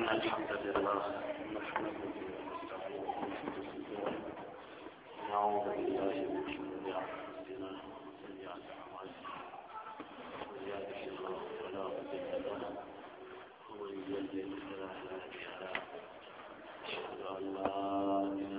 إن الحمد لله نحمده ونستعينه ونستغفره ونعوذ من الله فلا مضل له ومن يضلل فلا هادي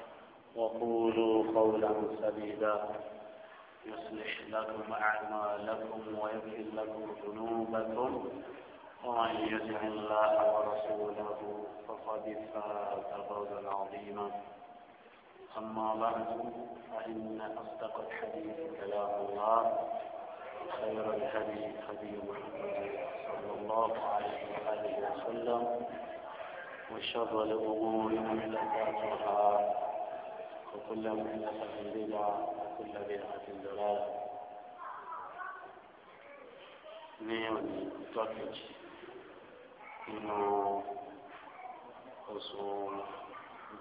وقولوا قولا سديدا يصلح لكم أعمالكم ويغفر لكم ذنوبكم ومن يطع الله ورسوله فقد فاز فوزا عظيما أما بعد فإن أصدق الحديث كلام الله خير الهدي هدي محمد صلى الله عليه وآله وسلم وشر الأمور محدثاتها وكل محدثة بدعة وكل بدعة ضلالة نيون توكج إنه أصول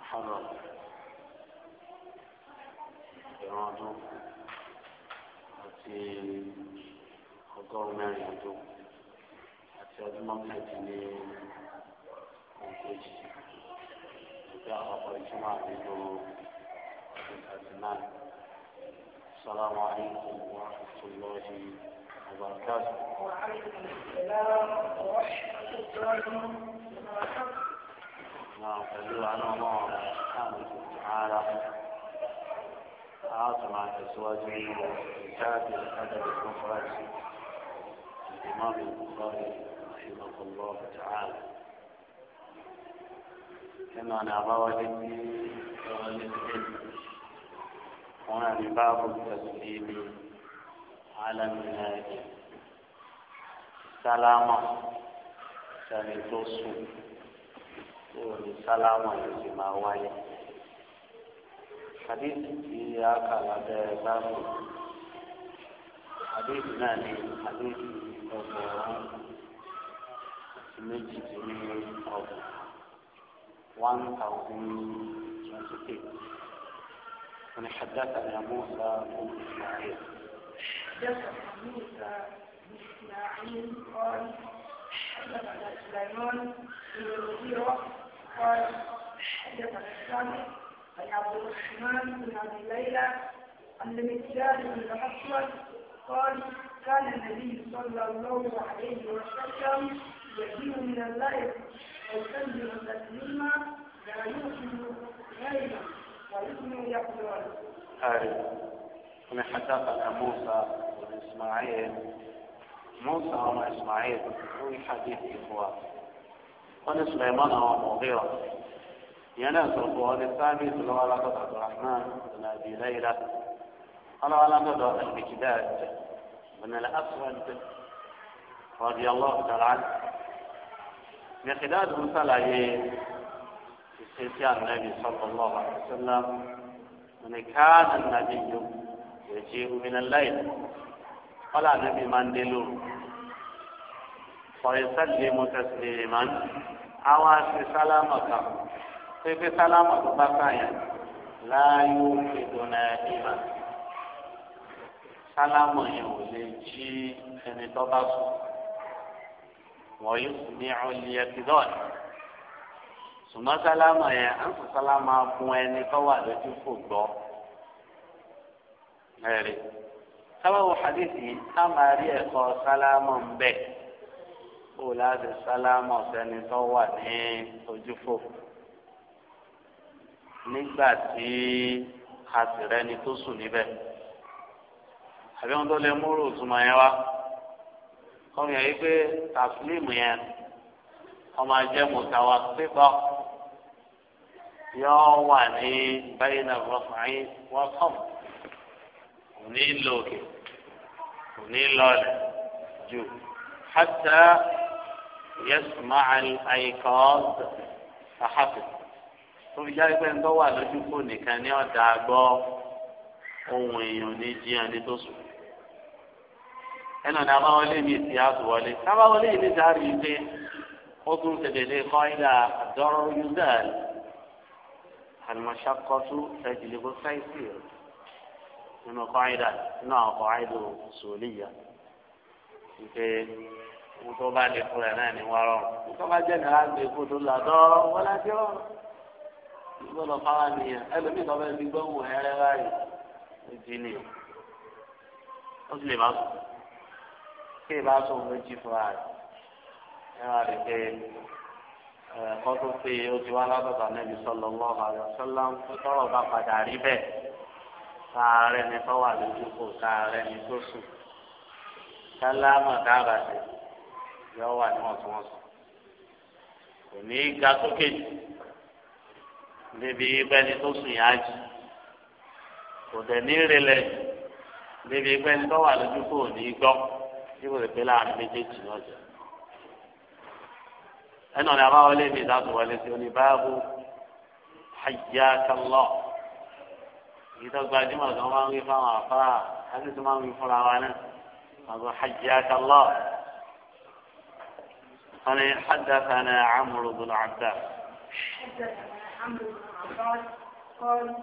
محرم إرادة أتي أقوى ما يدو أتي أدمان حتيني أنكوش الأزمان السلام عليكم ورحمة الله وبركاته وعليكم السلام ورحمة الله وبركاته نعم الله سبحانه وتعالى عاصم أزواجه وكتاب الأدب المفرد الإمام البخاري رحمه الله تعالى كما أنا أبا wọn àbí báàbò tẹsílímì alámìnáyé sálámà sani tó sùn tó ní sálámà yóò sì máa wáyé hadithi tí a kà lábẹ́ báàbò hadithi náà ni hadithi ọgbọ̀n méjì tí ní ọgbọ̀n one thousand twenty eight. أنا عن موسى بن إسماعيل حدثنا موسى بن إسماعيل قال حدثنا سليمان بن المغيرة قال حدثنا سامح عن عبد الرحمن بن أبي ليلى عن المكياج بن الأسود قال كان النبي صلى الله عليه وسلم يجيء من الليل ويسلم تسليما لا يؤمن غيره أي من حدثنا موسى وإسماعيل موسى وإسماعيل هو حديث إخوة قال سليمان ومغيرة يناس القوال الثاني لو على عبد الرحمن بن أبي ليلى قال على مدى المكداد من الأسود رضي الله تعالى عنه مقداد مثلا سيسي النبي صلى الله عليه وسلم من كان النبي يجيء من الليل فلا نبي من دلو ويسلم تسليما أو أسي سلامك سيسي سلامك بقايا لا يوجد نائما sálámù yẹn ò lè jí ẹni sùmọ́ sálámà yẹn à ń sọ sálámà fún ẹni tó wà lójú fò gbọ́ ẹ̀rí sábàbọ̀ hadithi a máa rí ẹ̀kọ́ sálámà ń bẹ̀ kó o láti sálámà sẹ́ni tó wà ní ojú fò nígbà tí a sì rẹni tó sùn níbẹ̀ àbí tó lè múrò òtúmọ̀ yẹn wá kọ́ni ẹ̀ pé tàfílìmù yẹn ọmọ ajẹ́ mùtàwá pípọ̀ yọ wà ní báyìí náà rọfàáyé wọn kàn kò ní lọ òkè kò ní lọlẹ jù hàtà yẹsùmá àìkọ́s àhàfẹ́ tó fi jáde pé ń tọ́ wà lójú kò nìkan ní ọ̀dà gbọ́ ohun èèyàn ní jíyan ní tó sùn ẹnu ní abáwọlé mi ti àtúwọlé abáwọlé mi ti àrí pé ó tún tẹ̀lé kọ́ ilà àdọ́rọ̀ yúdàlì àlùmọ̀ṣàkọ́tù ẹ̀jìlélógún sáìsì rẹ̀ nínú kọ́ńdà nínú àwọn kọ́ńdà sòlíyà ìpè ohun tó bá lè fún ẹ náà ní wọ́n rọrùn ohun tó bá jẹ́ nìyà gbé kó tó là dọ́ wọ́n láti rọrùn gbọ́dọ̀ fáwọn nìyẹn ẹlòmíì tó bẹ́ẹ̀ fi gbóhùn ẹrẹ́ báyìí ó ti ní ó sì lè má sùn kí ì bá sùn ó jí fún ara ẹ wá rí pé ẹ̀kọ́ tó pé ó ti wá látọ̀dọ̀ Ànábì sallallahu alaihi wasallam ń tọrọ bá padà rí bẹ́ẹ̀ sáárẹ́ ni tó wà lójú kò sáárẹ́ ni tó sùn sálámà dábàtì yọ wà níwọ̀ntúnwọ̀nsì kò ní í ga sókè jù níbi ìgbẹ́ni tó sùn yá jù kò dẹ̀ ní rẹlẹ̀ níbi ìgbẹ́ni tó wà lójú kò ní í gbọ́ bí pé láàrin méjèèjì náà jẹ́. أنه نرى لهم إذا قلت يوني باب حياك الله إذا قلت ما قلت ما قلت ما حياك الله أنا حدثنا عمرو بن عباس حدثنا عمرو بن عباس قال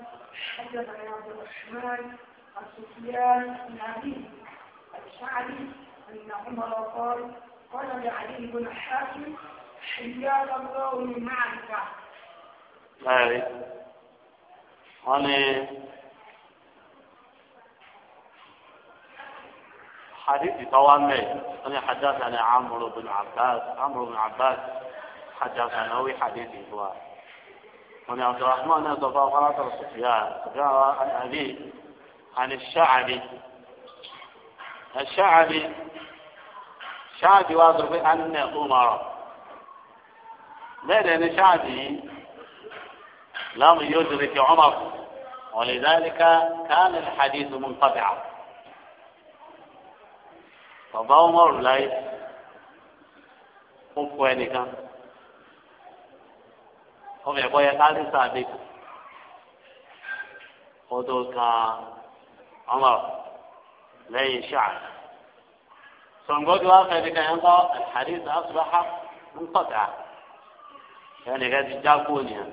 حدثنا عبد الرحمن السفيان بن عبيد الشعري أن عمر قال قال لعلي بن الحاكم láàrin wọn ni حديث طوامي أنا حدثنا عمرو بن عباس عمرو بن عباس حدثنا هو حديث هو ومن عبد الرحمن بن ضفاف سفيان جاء عن أبي عن الشعبي الشعبي شعبي واضرب أن عمر ماذا نشعبه لم يدرك عمر ولذلك كان الحديث منطبعا فضا عمر ليس قفواني يعني كان هم يقول يا قادر سابق قدوك عمر ليس شعب ثم قدوا آخر الحديث أصبح منطبعا ẹnìkan ti já kó nìyẹn.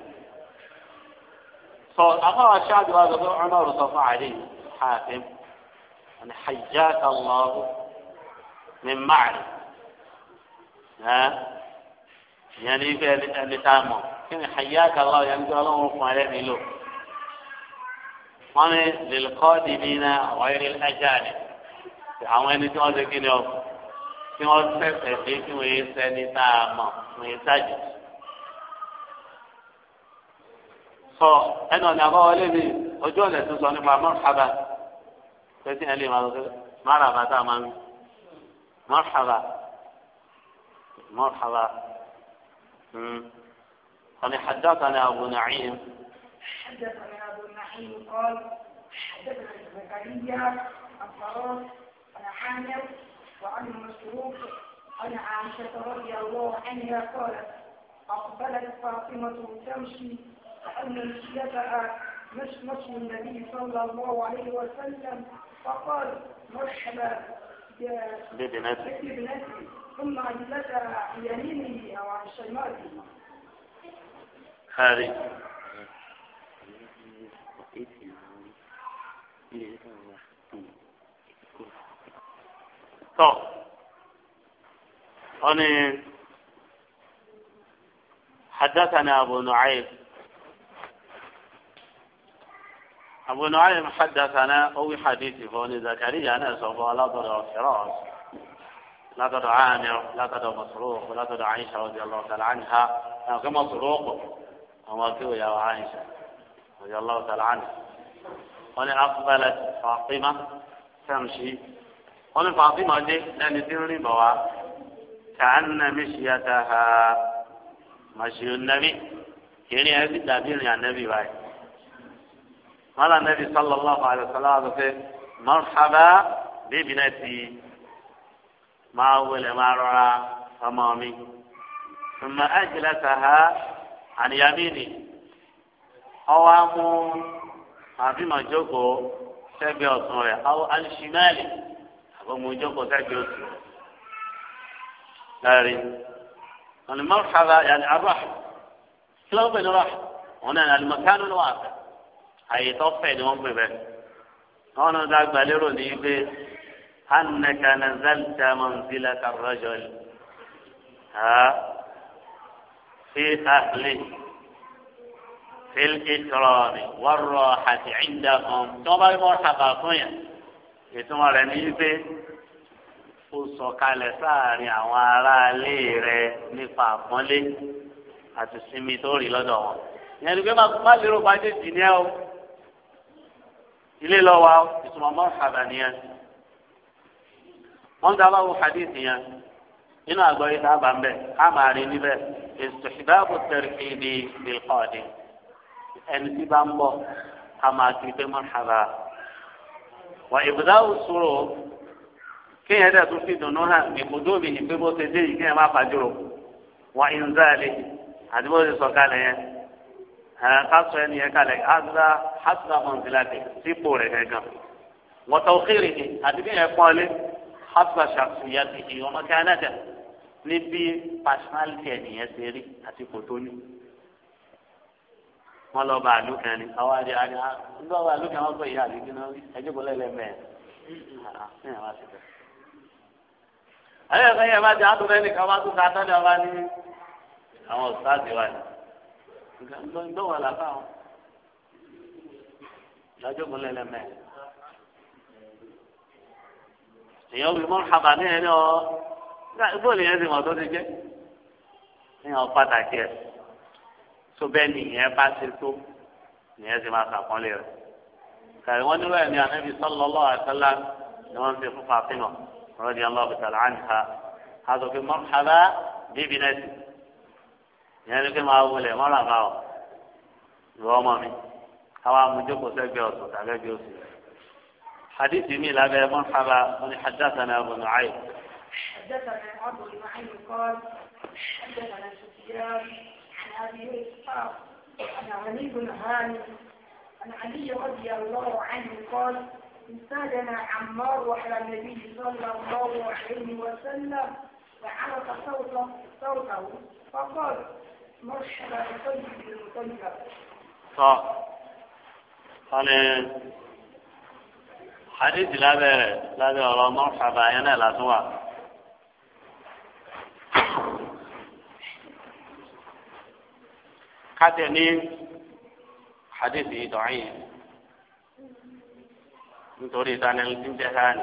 sọ àfọwọ́ aṣáájú wa sọ pé ọmọ rẹ sọ fún àlè hàfin ẹni hajjá kàlọ́ọ̀hù ní máàlì ẹ ìyẹn ní ife ẹni tá a mọ̀ kí ni hajjá kàlọ́ọ̀hù yẹn ń gbé ọlọ́run fún ẹ nílò. wọ́n ní lèlkọ́ọ̀dì bíi náà àwọn ajá ni àwọn ẹni tí wọ́n ṣe kí ni ọ tí wọ́n ṣẹ̀ṣẹ̀ dé kí wọ́n yé sẹ́ni tá a mọ̀ wọ́n yé sájò. sọ ẹnu ọ̀nà àbáwọlé mi ojú ọ̀nà tó sọ nípa mọ́rùhábà pẹ̀sì a حدثنا أبو نعيم حدثنا أبو نعيم قال حدثنا زكريا عن فراس عن عامر وعن مسروق عن عائشة رضي الله عنها قالت أقبلت فاطمة تمشي أن الشفاء مسمس النبي صلى الله عليه وسلم فقال مرحبا بابنتي بنتي ثم أجلسها عن يمينه أو عن شماله هذه طب أنا حدثنا أبو نعيم أبو نعيم حدثنا أو حديث فون زكريا أنا سوف لا ترى فراس لا ترى عامر لا ترى مسروق ولا ترى عائشة رضي الله تعالى عنها كما مسروق وما كيو يا عائشة رضي الله تعالى عنها وأنا أقبلت فاطمة تمشي وأنا فاطمة دي لأن ترني بوا كأن مشيتها مشي النبي يعني هذه تعبير عن يعني النبي بعد قال النبي صلى الله عليه وسلم مرحبا بابنتي ما أول ما رأى أمامي ثم أجلسها عن يميني أو أمو أبي ما جوكو سبي أصنعي أو عن شمالي أبو ما جوكو سبي أصنعي المرحبا يعني الرحب كلهم الرحب هنا المكان الواقع àyè tó fẹ̀ ni wọ́n pè bẹ́ẹ̀. wọ́n ní ká gbàlérò ní pé annaka nazalta manzilata ar-rajul ha fi ahli fi al-ikrami war-rahati 'indakum tí wọ́n bá rí wọ́n sàkà fún yẹn ìtumọ̀ rẹ̀ ní pé ó sọ̀kalẹ̀ sáàrin àwọn aráalé rẹ̀ nípa àpọ́nlé àti sinmi tó rí lọ́dọ̀ wọn. ìyẹn ni pé má lérò pàdé jì ní o ilé lọ́wọ́ ìtumọ̀ mọ́hàbà nìyẹn wọ́n ń dábàá wo hadith yẹn nínú àgbọ̀ yìí dábàá ń bẹ̀ á máa rí níbẹ̀ ìsòṣìdáàbò tẹ̀rìkì ní ìlkọ́ọ̀dì ẹni tí bá ń bọ̀ á máa kí pé mọ́hàbà wà ìbùdáwò sòrò kéèyàn dẹ̀ tún fi dùnú hàn ìbùdó mi ní pé bó ṣe dé yìí kéèyàn má fàjọrò wà ìnzáàlì àti bó sọ̀kalẹ̀ yẹn kásọ ẹni yẹn kalẹ̀ azá hasra mọ̀nfìlàtì sípò rẹ̀ gẹ́gàn wọ́tọ̀ òkèrè ni àdìgbò yẹn pọ́n lé hasra ṣàfihàn ìdí ọmọ kánádà níbi pàṣínálítì ẹ̀nìyẹn ṣe rí àti kò tó ní. wọ́n lọ bá àlù kan ni àwọn àdìyà ni wọ́n lọ bá àlù kan wọ́n sọ ìyá àdìgbò náà ẹjọ́ kò lẹ́lẹ́mẹ̀ẹ́ ayé ẹ̀ka yẹn bá jẹ́ àtúntò ẹnìkan bá tún ká tán ní ọba ní àwọn òṣìṣẹ́ àti wáyé gbọ́n wà lábá wọn lọ́jọ́ kò lẹ́lẹ̀ mẹ́. èèyàn wí mọ́ hàbà ní ẹni ọ bóòlù yẹn ti mọ̀ tó ti jẹ́ èèyàn pàtàkì ẹ̀ tó bẹ́ẹ̀ ni ìyẹn bá ti tó ìyẹn ti máa sàpọ́nlé rẹ̀. kàrí wọ́n nílò ẹ̀mí ànábì sallallahu alaihi wasallam ni wọ́n ti fún Fatima radiyallahu ta'ala anha. هذا في مرحبا بابنتي ìyẹn ni pé máa wọlé mọ́ra bá ọ lọ ọmọ mi káwá mu jókòó sẹ́gbẹ́ ọ̀sán tàbẹ́gbẹ́ oṣù حديث مين لابا مرحبا من حدثنا ابو نعيم حدثنا ابو نعيم قال حدثنا سفيان عن ابي اسحاق عن علي بن هاني عن علي رضي الله عنه قال استاذن عمار على النبي صلى الله عليه وسلم وعرف صوته صوته فقال tọ́ ọ̀nì hadithi lábẹ́rẹ̀ lábẹ́ ọ̀rọ̀ mọ́ṣábà yẹn náà látún wà. kájẹ ní hadithi dọ̀ọ́yìn nítorí ìdánilẹ́ ti jẹ́ hàn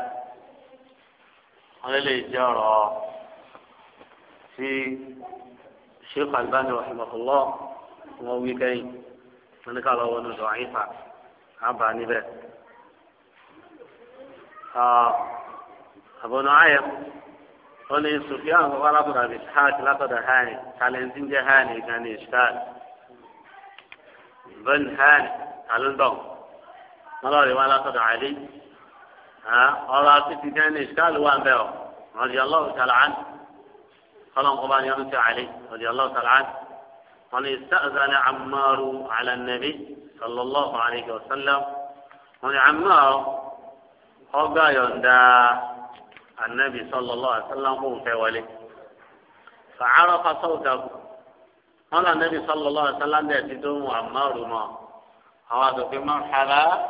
wọ́n lè jẹ́ ọ̀rọ̀ sí sheikh albani rahimahullah wọn wí kẹ́yìn wọn ní ká lọ wọnú dọ̀ àyíká àbá níbẹ̀. àbọ̀nà ayẹ wọn ní sufiyan wọn wàlá bùrọ̀ àbí ishaq látọ̀dọ̀ hàní kàlẹ́ńtì ń jẹ́ hàní gan ní ishaq bẹ́ẹ̀ni hàní kàlẹ́ńdọ̀ wọn lọ wọn látọ̀dọ̀ àlí ọ̀rọ̀ àti ti gan ní ishaq wà ń bẹ̀ قال قبان يونس عليه رضي الله تعالى عنه قال استأذن عمار على النبي صلى الله عليه وسلم قال عمار قال يوندا النبي صلى الله عليه وسلم قوم فولي فعرف صوته قال النبي صلى الله عليه وسلم يأتيتم عمار ما هو مرحبا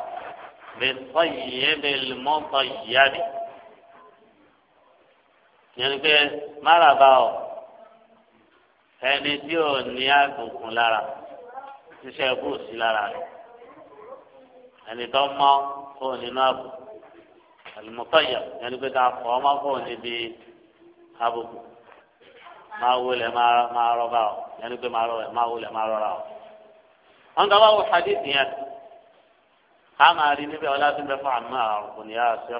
بالطيب المطيب yẹn pé máraba ọ ẹni tí ò ní àgùnkùn lára ṣíṣe kù sí lára rẹ ẹni tó mọ kó nínú àbò àlùmọ́tọ́yà yẹn pé ká fọ́ ọmọ kó níbi àbùkù máa wọlé máa rọba ọ yẹn pé máa rọba máa wọlé máa rọra ọ. wọn gbà wáwò hadith yẹn ká máa rí níbẹ̀ ọlá tó fún àmì àrùn kò ní yára ṣe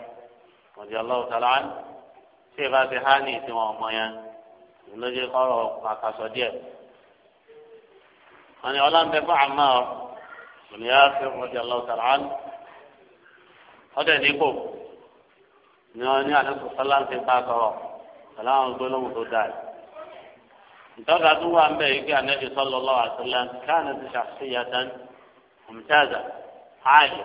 ọ̀dì ọlọ́wọ́ tàlá ní ṣé ìbá ti há ní ìsìn wọn ọmọ yẹn lójú kọrọ àkàsọ díẹ̀ wọn ni ọlọ́mọdé fún àmọ́ òní yá fi rọjò lọ́sàrán án ọdẹ nípò ni wọn ní àdókò sọláń ti bá sọ̀rọ̀ pẹ̀lú àwọn gbólóhùn tó dáa ìtọ́ka tó wà ń bẹ̀ yìí kí ànábì sọ́lọ́ lọ́wọ́ àtúnlá káàní ti ṣàṣeyà tán òmìtáàzà áàyè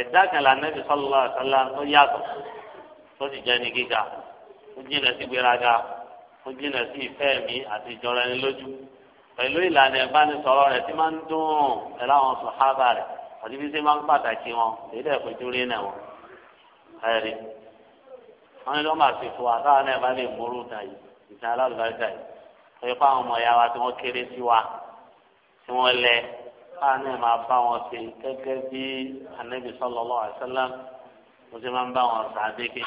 ẹ̀dá kan là ànábì sọ́lọ́ lọ́wọ́ àtúnlá tó yàtọ̀ tó sì jẹ́ ní gíga ó jìnà sí gbéraga ó jìnà sí ìfẹ́ mi àti ìjọra ẹni lójú pẹ̀lú ìlànà ìbánisọ̀rọ̀ rẹ̀ tí máa ń dùn pẹ̀lú àwọn sùhábà rẹ̀ àti bí ṣe máa ń pàtàkì wọn èyí dẹ̀ pé dúró náà wọn. ẹ̀rí wọn ní lọ́mọ àṣìfò àtàwọn náà bá lè múrú ta yìí ìtàn alábùbáríkà yìí pé fáwọn ọmọ ìyá wa tí wọ́n kéré sí wa tí wọ́n lẹ káà náà máa bá wọn ṣe gẹ́gẹ́ bí Ànábì sallallahu alaihi wasallam mo ti máa ń bá wọn sá déké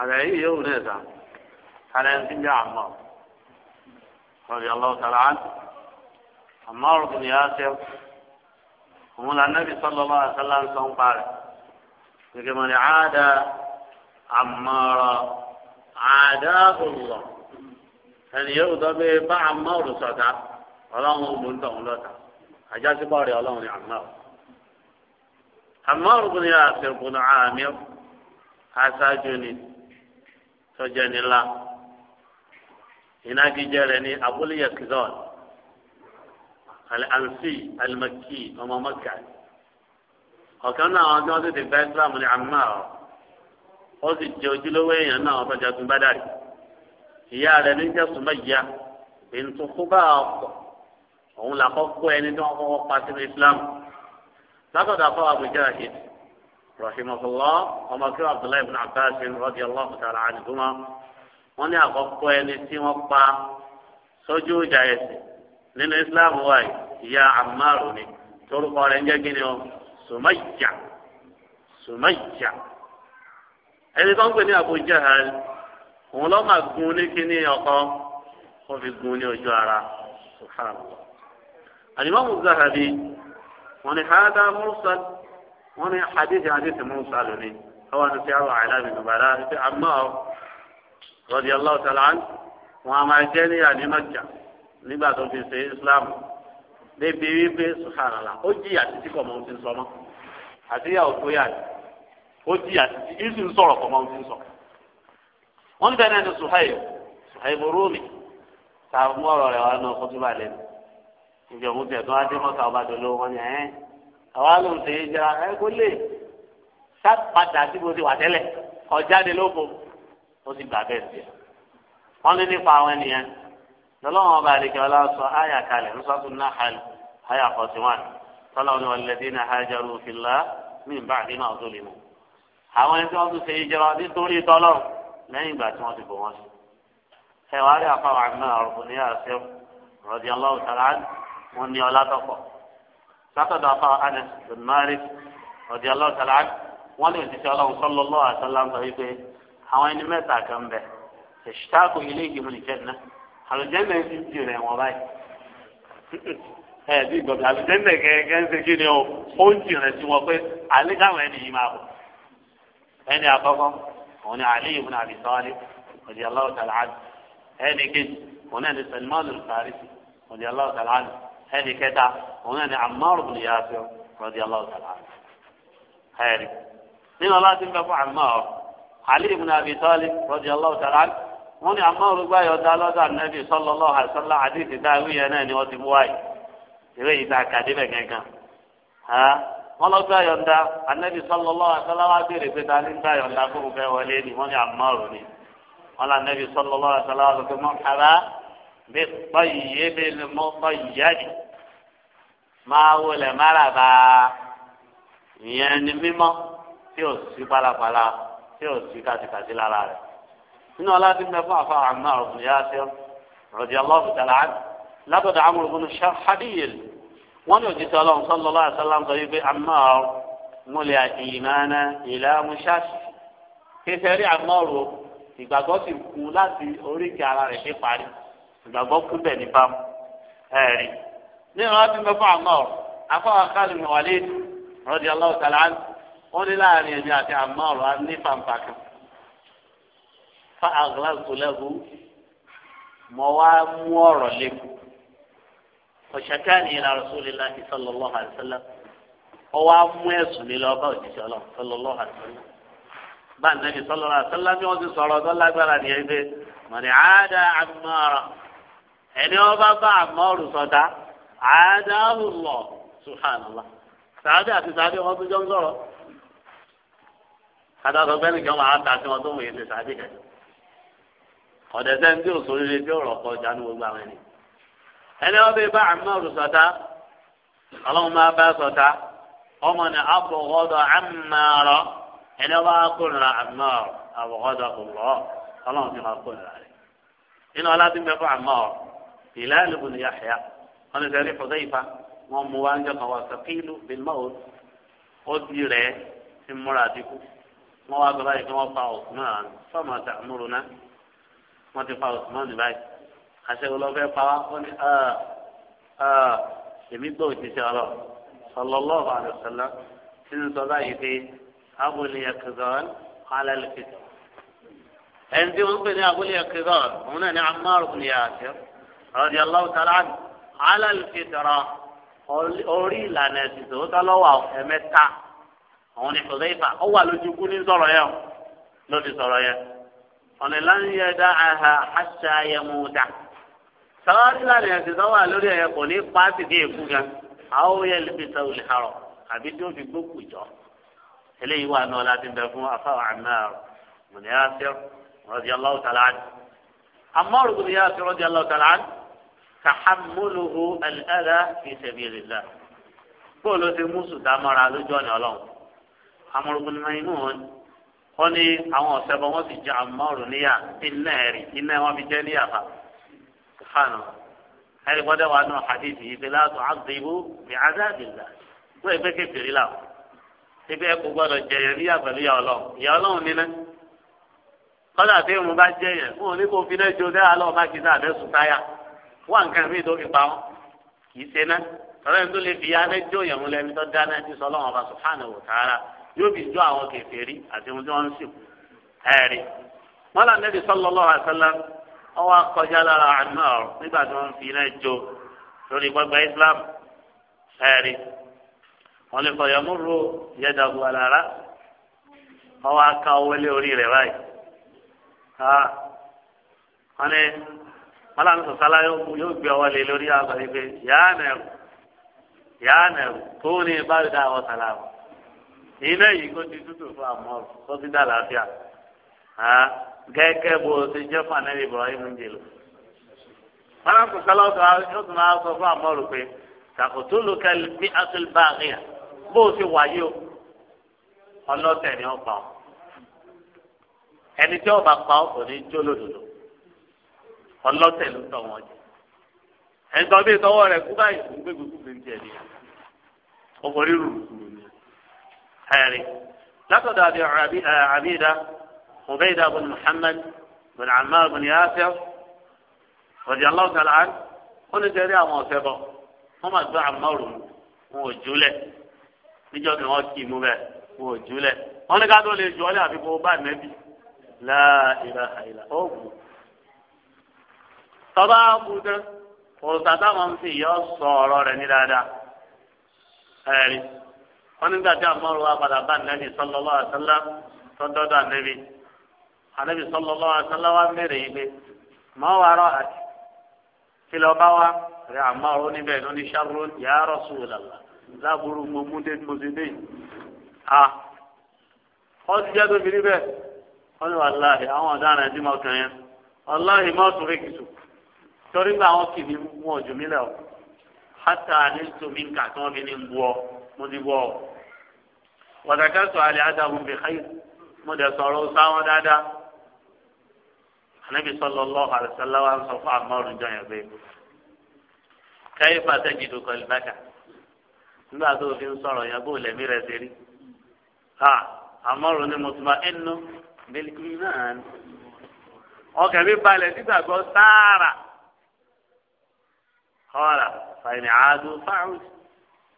àlẹ́ yìí yóò rẹ̀ sá àlẹ́ ń fi ń yà àmọ́ rọ̀bì ọlọ́ọ̀tàlá àmọ́ ọ̀rùn ni a ṣe òun là nàbì sọlọ́lá àṣálà ń sọ ń parẹ́ gẹ́gẹ́ mọ́ ni àádá àmọ́rọ̀ àádá òwúrọ̀ ẹni yóò tọ́ bí bá àmọ́ ọ̀rùn sọ̀tà ọlọ́run ògùn tọ̀hún lọ́tà àjọṣepọ̀ rẹ̀ ọlọ́run ni àmọ́ Ammar ibn Yasir ibn Amir aṣáájú ni tọ́jà nílá ìnagijẹ rẹ̀ ní Abul Yakzan al-Ansi al-Makki ọmọ Mẹ́kà ọ̀kan náà àwọn tí wọ́n ti ti gba Islam ní Ammar ó sì jẹ́ ojúlówó èèyàn náà wọ́n tọ́jà tún bá dàrí ìyá rẹ̀ ní jẹ́ Sumayya bintu Khubab ọ̀hún làkọ́kọ́ ẹni tí wọ́n kọ́kọ́ pa Islam. látọ̀dọ̀ afọ́ Mujahid rahimahullah ọmọ kí abdullahi ibn abbas radiyallahu ta'ala anhuma wọ́n ní àkọ́kọ́ ẹni tí wọ́n ni ní wọn ni hada mursal wọn ni hadithi hadithi mursal ni àwọn àti àwọn àìlámi nùbàrà àti àmọ́ radiyallahu ta'ala anhu wọn a máa jẹ́ níyà ní mẹ́jà nígbà tó fi ṣe islam níbi wípé sùhàràlà ó jìyà títí kọ̀ mọ́ ti ń sọ mọ́ tó yà ní ó jìyà títí ìsì ń sọ̀rọ̀ kọ̀ mọ́ ti sọ. wọ́n ń bẹ̀rẹ̀ ní suhaib suhaib rumi tààmú ọ̀rọ̀ rẹ̀ wà nù ọkọ̀ tó bá lẹ́nu ìjọ òun tẹ̀ tó wá dé mọ́ta ọba tó lówó wọn ni ẹ̀ àwa ló ń tẹ̀yẹ jẹ́ ẹ kó lè sá padà sí bó ti wà tẹ́lẹ̀ ọ̀jáde lóko ó sì gbà bẹ́ẹ̀ sí ẹ wọ́n lé nípa àwọn ènìyàn lọ́lọ́wọ́n ọba àdìgẹ́ ọlọ́sọ àyà kalẹ̀ nsọ́tù náhàlì àyà forty one tọ́lọ́wọ́n ni wọ́n lè dín náà hajaru fillah mí bá àdín náà tó lè mú. àwọn ẹni tí wọ́n tún ṣe ìjọba nítorí tọ́lọ́ lẹ́yìn ìgbà tí wọ́n ti bò wọ́n sí. ẹ wàá rí àmì náà ọ̀rọ̀ ní àṣẹ rọ̀díọ́lọ́wọ́ tàlá wọn ní ọlá tọkọ látọ̀dọ̀ afa anas bin malik ọ̀dí ọlọ́ọ̀tàlá wọn lè ti fi ọlọ́run sọ́lọ́ lọ́wọ́ àtàlá ń sọ wípé àwọn ẹni mẹ́ta kan bẹ̀ ìṣtáàkù ilé ìgbìmọ̀ nìjẹ́nà àlùjẹ́nà ti di rẹ̀ wọ́n báyìí ẹ̀ẹ́dì gbọ̀dọ̀ àlùjẹ́nà kẹ̀kẹ́ ń ṣe kí ni o ó ń jìnrẹ̀ sí wọn pé àlẹ́ káwọn ẹni yìí máa bọ̀ ẹni àkọ́kọ́ òun ni àlẹ́ ìbùnà àbí sọ́ọ́lì ọ̀dí ọlọ́ọ̀tàlá ẹni kejì òun náà ni sẹ̀lmọ́ọ̀lù fàrísì ọ̀dí ọlọ́ọ̀tàlá ẹnì kẹta òun náà ni Ammar ibn Yasir radiyallahu ta'ala ẹ̀rí nínú aláàtí ń bẹ fún Ammar Ali ibn Abi Talib radiyallahu ta'ala wọn ni Ammar gbá yọ̀dá lọ́dọ̀ Nabi sallallahu alaihi wasallam àdìsí dáwìyẹ náà ni wọ́n ti mú wáyé ìwé yìí tá a kà débẹ̀ gángan wọn lọ gbà yọ̀ǹda anabi sallallahu alaihi wasallam wa béèrè pé ta ni ń gbà yọ̀ǹda kó o fẹ́ wọlé ni wọn ni Ammar ni wọn lọ anabi sallallahu alaihi wasallam wa sọ pé mọ ara bí pọ́yìí bí mo pọ́yìí yáde máa wọlé máraba ìyẹn ni mímọ́ tí ò sí pálapàla tí ò sí kàtìkàtì lára rẹ̀ nínú aládùn mẹ́fọ́ àfa àmọ́ ọ̀gbìn yá sí ọ rọ̀dí ọlọ́ọ̀bù tàlà á látọ̀dọ̀ àwọn olùkọ́ni ṣáfàdíyè wọ́n ní òjì tọ́lọ́ sọ́lọ́ láti sọ́lá ń sọ yí pé àmọ́ múlẹ̀ ìmọ̀ọ́nà ìlà muṣáṣì kékeré àmọ́ ọ̀rọ̀ ìgbàgbọ́ sì kú láti oríkì ara rẹ̀ dé parí. ìgbàgbọ́ kú bẹ̀ ní bámu ẹ̀rí nínú wọn ti ń fún àmọ́ afọwọ́ kálí mi wọlé rọ́dí aláwọ̀ tàlá ó ní láàrin èmi àti àmọ́ ọ̀rọ̀ ní fàǹfà kan fa àgùlásù lẹ́hu mọ wá mú ọ̀rọ̀ lẹ́kù ọ̀ṣàkà ní ìlà Rasulullahi sallallahu alaihi wasallam ọ wá mú ẹ̀sùn mi bá ẹni ọba bá àmọ́rù sọ̀dá àádáhù lọ subhanallah sàádé àti sàádé wọn tó jọ ń sọ̀rọ̀ bẹ́ẹ̀ nìkan ta sí wọn tó wòye ṣe sàádé kẹ ọ̀dẹ̀sẹ̀ ń tí ò sóríire ọ̀rọ̀ kọjá ní gbogbo àwọn ẹni ẹni ọba bá àmọ́rù ọlọ́run máa bá ọmọ ẹni ọba ọlọ́run máa rẹ̀ inú ọlá ti mẹ́fọ́ Bilal ibn Yahya wọn ní sẹ́rí Hudayfa wọn mú wa ń jẹ́ kan wá sàkílù bilmọ́ọ̀ ó di rẹ̀ ti múra àdínkù wọn wá gbọ́dọ̀ yìí kí wọ́n pa Usman fọ́ọ̀mù àtàmúrò náà wọ́n ti pa Usman báyìí aṣẹ́wó lọ́fẹ́ pa wá ó ní ah, ah, èmi gbọ́ òṣìṣẹ́ ọlọ́ sallallahu alaihi wasallam tí ń sọ báyìí pé abúlé ẹ̀kẹ́gàn alẹ́ lè fi tẹ̀. ẹni tí wọ́n ń pè ní abúlé ẹ̀kẹ́gàn òun náà ní Ammar ibn Yasir. rọ̀dì ọlọ́wọ́sálá alálùfẹ́tọ̀rọ̀ orí ìlànà ẹ̀sìn tòótọ́ lọ́wọ́ ẹ̀mẹ́ta àwọn ní Hudayfa ó wà lójú kú ní sọ̀rọ̀ yẹn ló fi sọ̀rọ̀ yẹn ọ̀nà ìlànà yẹn dá àhà àṣà yẹn mú dà sọ̀rọ̀ ìlànà ẹ̀sìn tó wà lórí fi jọ tàhámúlùú àlàdà fi sabilillah bóòlù ti mú sùtà mọ́ra lójú ọ̀nà ọlọ́run amúrúgbìn Maimun wọ́n ní àwọn ọ̀sẹ̀ bọ́ wọ́n sì jẹ́ àmọ́rù níyà iná ẹ̀rì iná wọn fi jẹ́ níyà fa fànà ẹ̀rì gbọ́dọ̀ wà nù hadithi yìí fẹ́lá tó àgbébó bí adáàbìlà wọ́n ẹgbẹ́ kékeré la ibi ẹ̀kú gbọ́dọ̀ jẹyẹ níyà pẹ̀lú ìyá ọlọ́run ìyá ọlọ́run níná kọ́dà tí irun bá jẹyẹ fún òní kò fi náà jó náà lọ́ọ́ má kí náà lẹ́sùn táyà wá nǹkan mi tó fi pa wọn kì í ṣe náà tọ́lá ẹni tó lè fi yára jó ìyàwó lẹ́ni tó dáná tí sọ lọ́wọ́ ọba subhanahu wa ta'ala yóò fi jó àwọn kèfèrí àti ohun tí wọ́n ń sìn ẹ̀rí. wọ́n là nẹ́bí sallallahu alaihi wasallam ọwọ́ akọjá lára àná ọ̀rọ̀ nígbà tí wọ́n fi iná jó lórí gbọ́gbẹ́ Islam ẹ̀rí. wọ́n lè fọ yamurru yadahu ala ra's ọwọ́ akáwọlé orí rẹ̀ báyìí wọn làwọn sọsálà yóò gbé ọwọ́ lé lórí àgbà yìí pé yàá nẹrù yàá nẹrù tó ní báyìí dá àwọn sàlà wọn ilé yìí kò ti tútù fún àmọ́ kó ti dá làáfíà gẹ́gẹ́ bó o ti jẹ́ fún ànábì Ibrahim ń jèlò wọn làwọn sọsálà yóò tún máa sọ fún àmọ́ rò pé kàkótó ló kẹ́ mi àtúlù bá àríyá bó o ti wáyé o ọlọ́tẹ̀ ni ọ pa ọ ẹni tí ọba pa ọ kò ní jó lòdòdò ọlọ́tẹ̀ ló tọ̀ wọ́n jẹ ẹ̀ńtọ́ bíi tọwọ́ rẹ̀ kú báyìí ń gbé gbogbo gbé ń tiẹ̀ ní ọkọ̀ rírù rùkùrù ni ẹ̀rí látọ̀dọ̀ àbí àbídá ọ̀bẹ́dá bùn Muhammad bùn Ammar bùn Yasir ọ̀dì aláwọ̀tàlá án ó ní sẹ́rí àwọn ọ̀sẹ̀ bọ̀ wọ́n máa gbé àmọ́rù wọn ò júlẹ̀ níjọ́ ni wọ́n kì í mú bẹ́ẹ̀ wọn ò júlẹ̀ wọ́n ní ká tó lè jọ́ ọ́ tọ́ba kúndé òòsà táwọn ń fi yọ sọ ọ̀rọ̀ rẹ̀ ní dáadáa ẹ̀rí wọn nígbà tí àmọ́rò wa padà bá nẹ́bí sallallahu alaihi wasallam tọ́jọ́dọ̀ ànẹ́bí ànẹ́bí sallallahu alaihi wasallam wa mẹ́rẹ̀ yìí pé mọ́ wa rọ àti kí lọ bá wa rẹ àmọ́rò níbẹ̀ ló ní sharru ya Rasulallah láburú mo mú dé mo ti dé a wọ́n ti jẹ́ tóbi níbẹ̀ wọ́n ní wàláhì àwọn ọ̀daràn ẹ̀dínmọ̀ ọ̀kàn torí pé àwọn kìíní mú ọ̀jù mi lẹ̀ ọ́ hátà ní tòmínkà tí wọ́n fi ní bu ọ mo ti bu ọ. wàtàkà sọ àlẹ́ adamu bí xayì mo dẹ̀ sọ̀rọ̀ sáwọn dáadáa. anabi sallallahu alaihi wasallam wa sọ fún àmọ́rù jọ yẹn pé káyé fàtẹ́ jìdù kọ́lì bákà nígbà tó o fi ń sọ̀rọ̀ yẹn bó lẹ́mí rẹ̀ ṣe rí. àmọ́rù ni mo ti máa ń náà ọkàn mi balẹ̀ nígbàgbọ́ sáárà kọ́ra fàìmì àádó fáwọn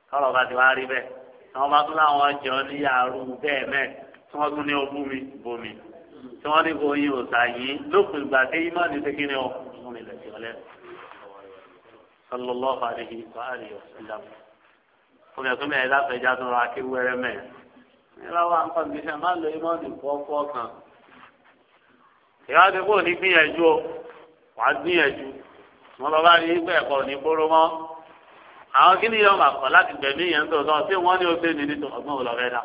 kọ́ra ọba ti wá rí bẹ́ẹ̀ tí wọ́n bá tún láwọn jọ ní àrùn bẹ́ẹ̀ mẹ́ẹ̀ tí wọ́n tún ní ogún mi bomi tí wọ́n ní kò yin òòsà yìí lópin ìgbà tí yín máa ní ṣe kíni ọ fún mi lẹ́sìn ọ̀lẹ́ sallallahu alaihi wa alihi wa ẹ̀dá fẹ̀já tó ra kí wẹ́rẹ́ mẹ́ ẹ bá wà nǹkan wọn lọ bá rí gbẹ ẹ̀kọ́ ní kóró mọ́ àwọn kí ni yọọ máa kọ láti gbẹ̀mí yẹn ń tòótọ́ tí wọ́n ní oṣù ní ní ọgbọ́n òlọ́ fẹ́ dà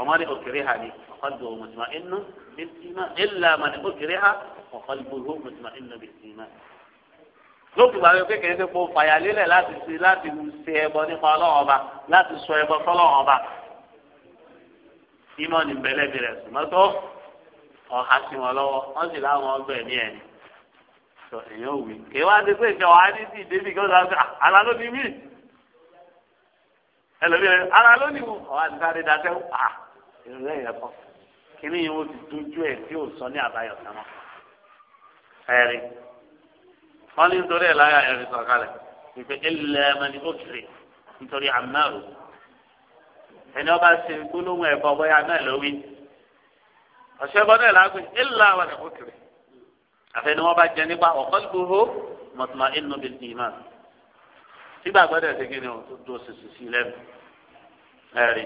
ọmọ ní òkèrè hà ní ọ̀kọ́dù mùsùlùmá inú bí tìmá ìlà mà ní òkèrè hà ọ̀kọ́dù mùsùlùmá inú bí tìmá. lókè bá wípé kìí ṣe kó fàyàlélẹ̀ láti ṣe láti ṣe ẹbọ nípa ọlọ́wọ́n ọba láti sọ ẹbọ fọlọ́wọ́n ọba. ìmọ̀ ní bẹ́lẹ̀ bẹ̀rẹ̀ sùmọ́tò ọ̀hà lọ́wọ́ wọ́n sì láwọn ọgbẹ̀mí ẹ̀ ní sọ èèyàn wí kéwàá ti pé ìjọ wa ní ti ìdébí kí wọ́n sọ pé ah, ara ló ní mí ẹlòmíràn ara ló ní wọn ọ̀hún àti sáré dáṣẹ́ à ìrìnlẹ̀ yẹn kọ́ kíní yìí wọ́n ti dojú ẹ̀ tí ò sọ ní àbáyọ̀ sánmọ́ ẹ̀rí wọ́n ní nítorí ẹ̀ láyà ẹ̀rí sọ̀kalẹ̀ ìpè ilẹ̀ ẹ̀mẹ́ni ó kiri nítorí àmẹ́rù ẹni ọba ṣe gbólóhùn ẹ̀kọ́ bọ́yá náà lówí ọ̀ṣẹ́ bọ́ náà lágbè ilẹ̀ àwọn ẹ̀kọ́ kiri àfẹni wọn bá jẹ nípa ọ̀kọ́lùkùhó mọ̀tìmá inú bíi tìmá sígbà gbọ́dọ̀ ṣe kí ni o tó do sisi sí lẹ́nu ẹ̀rí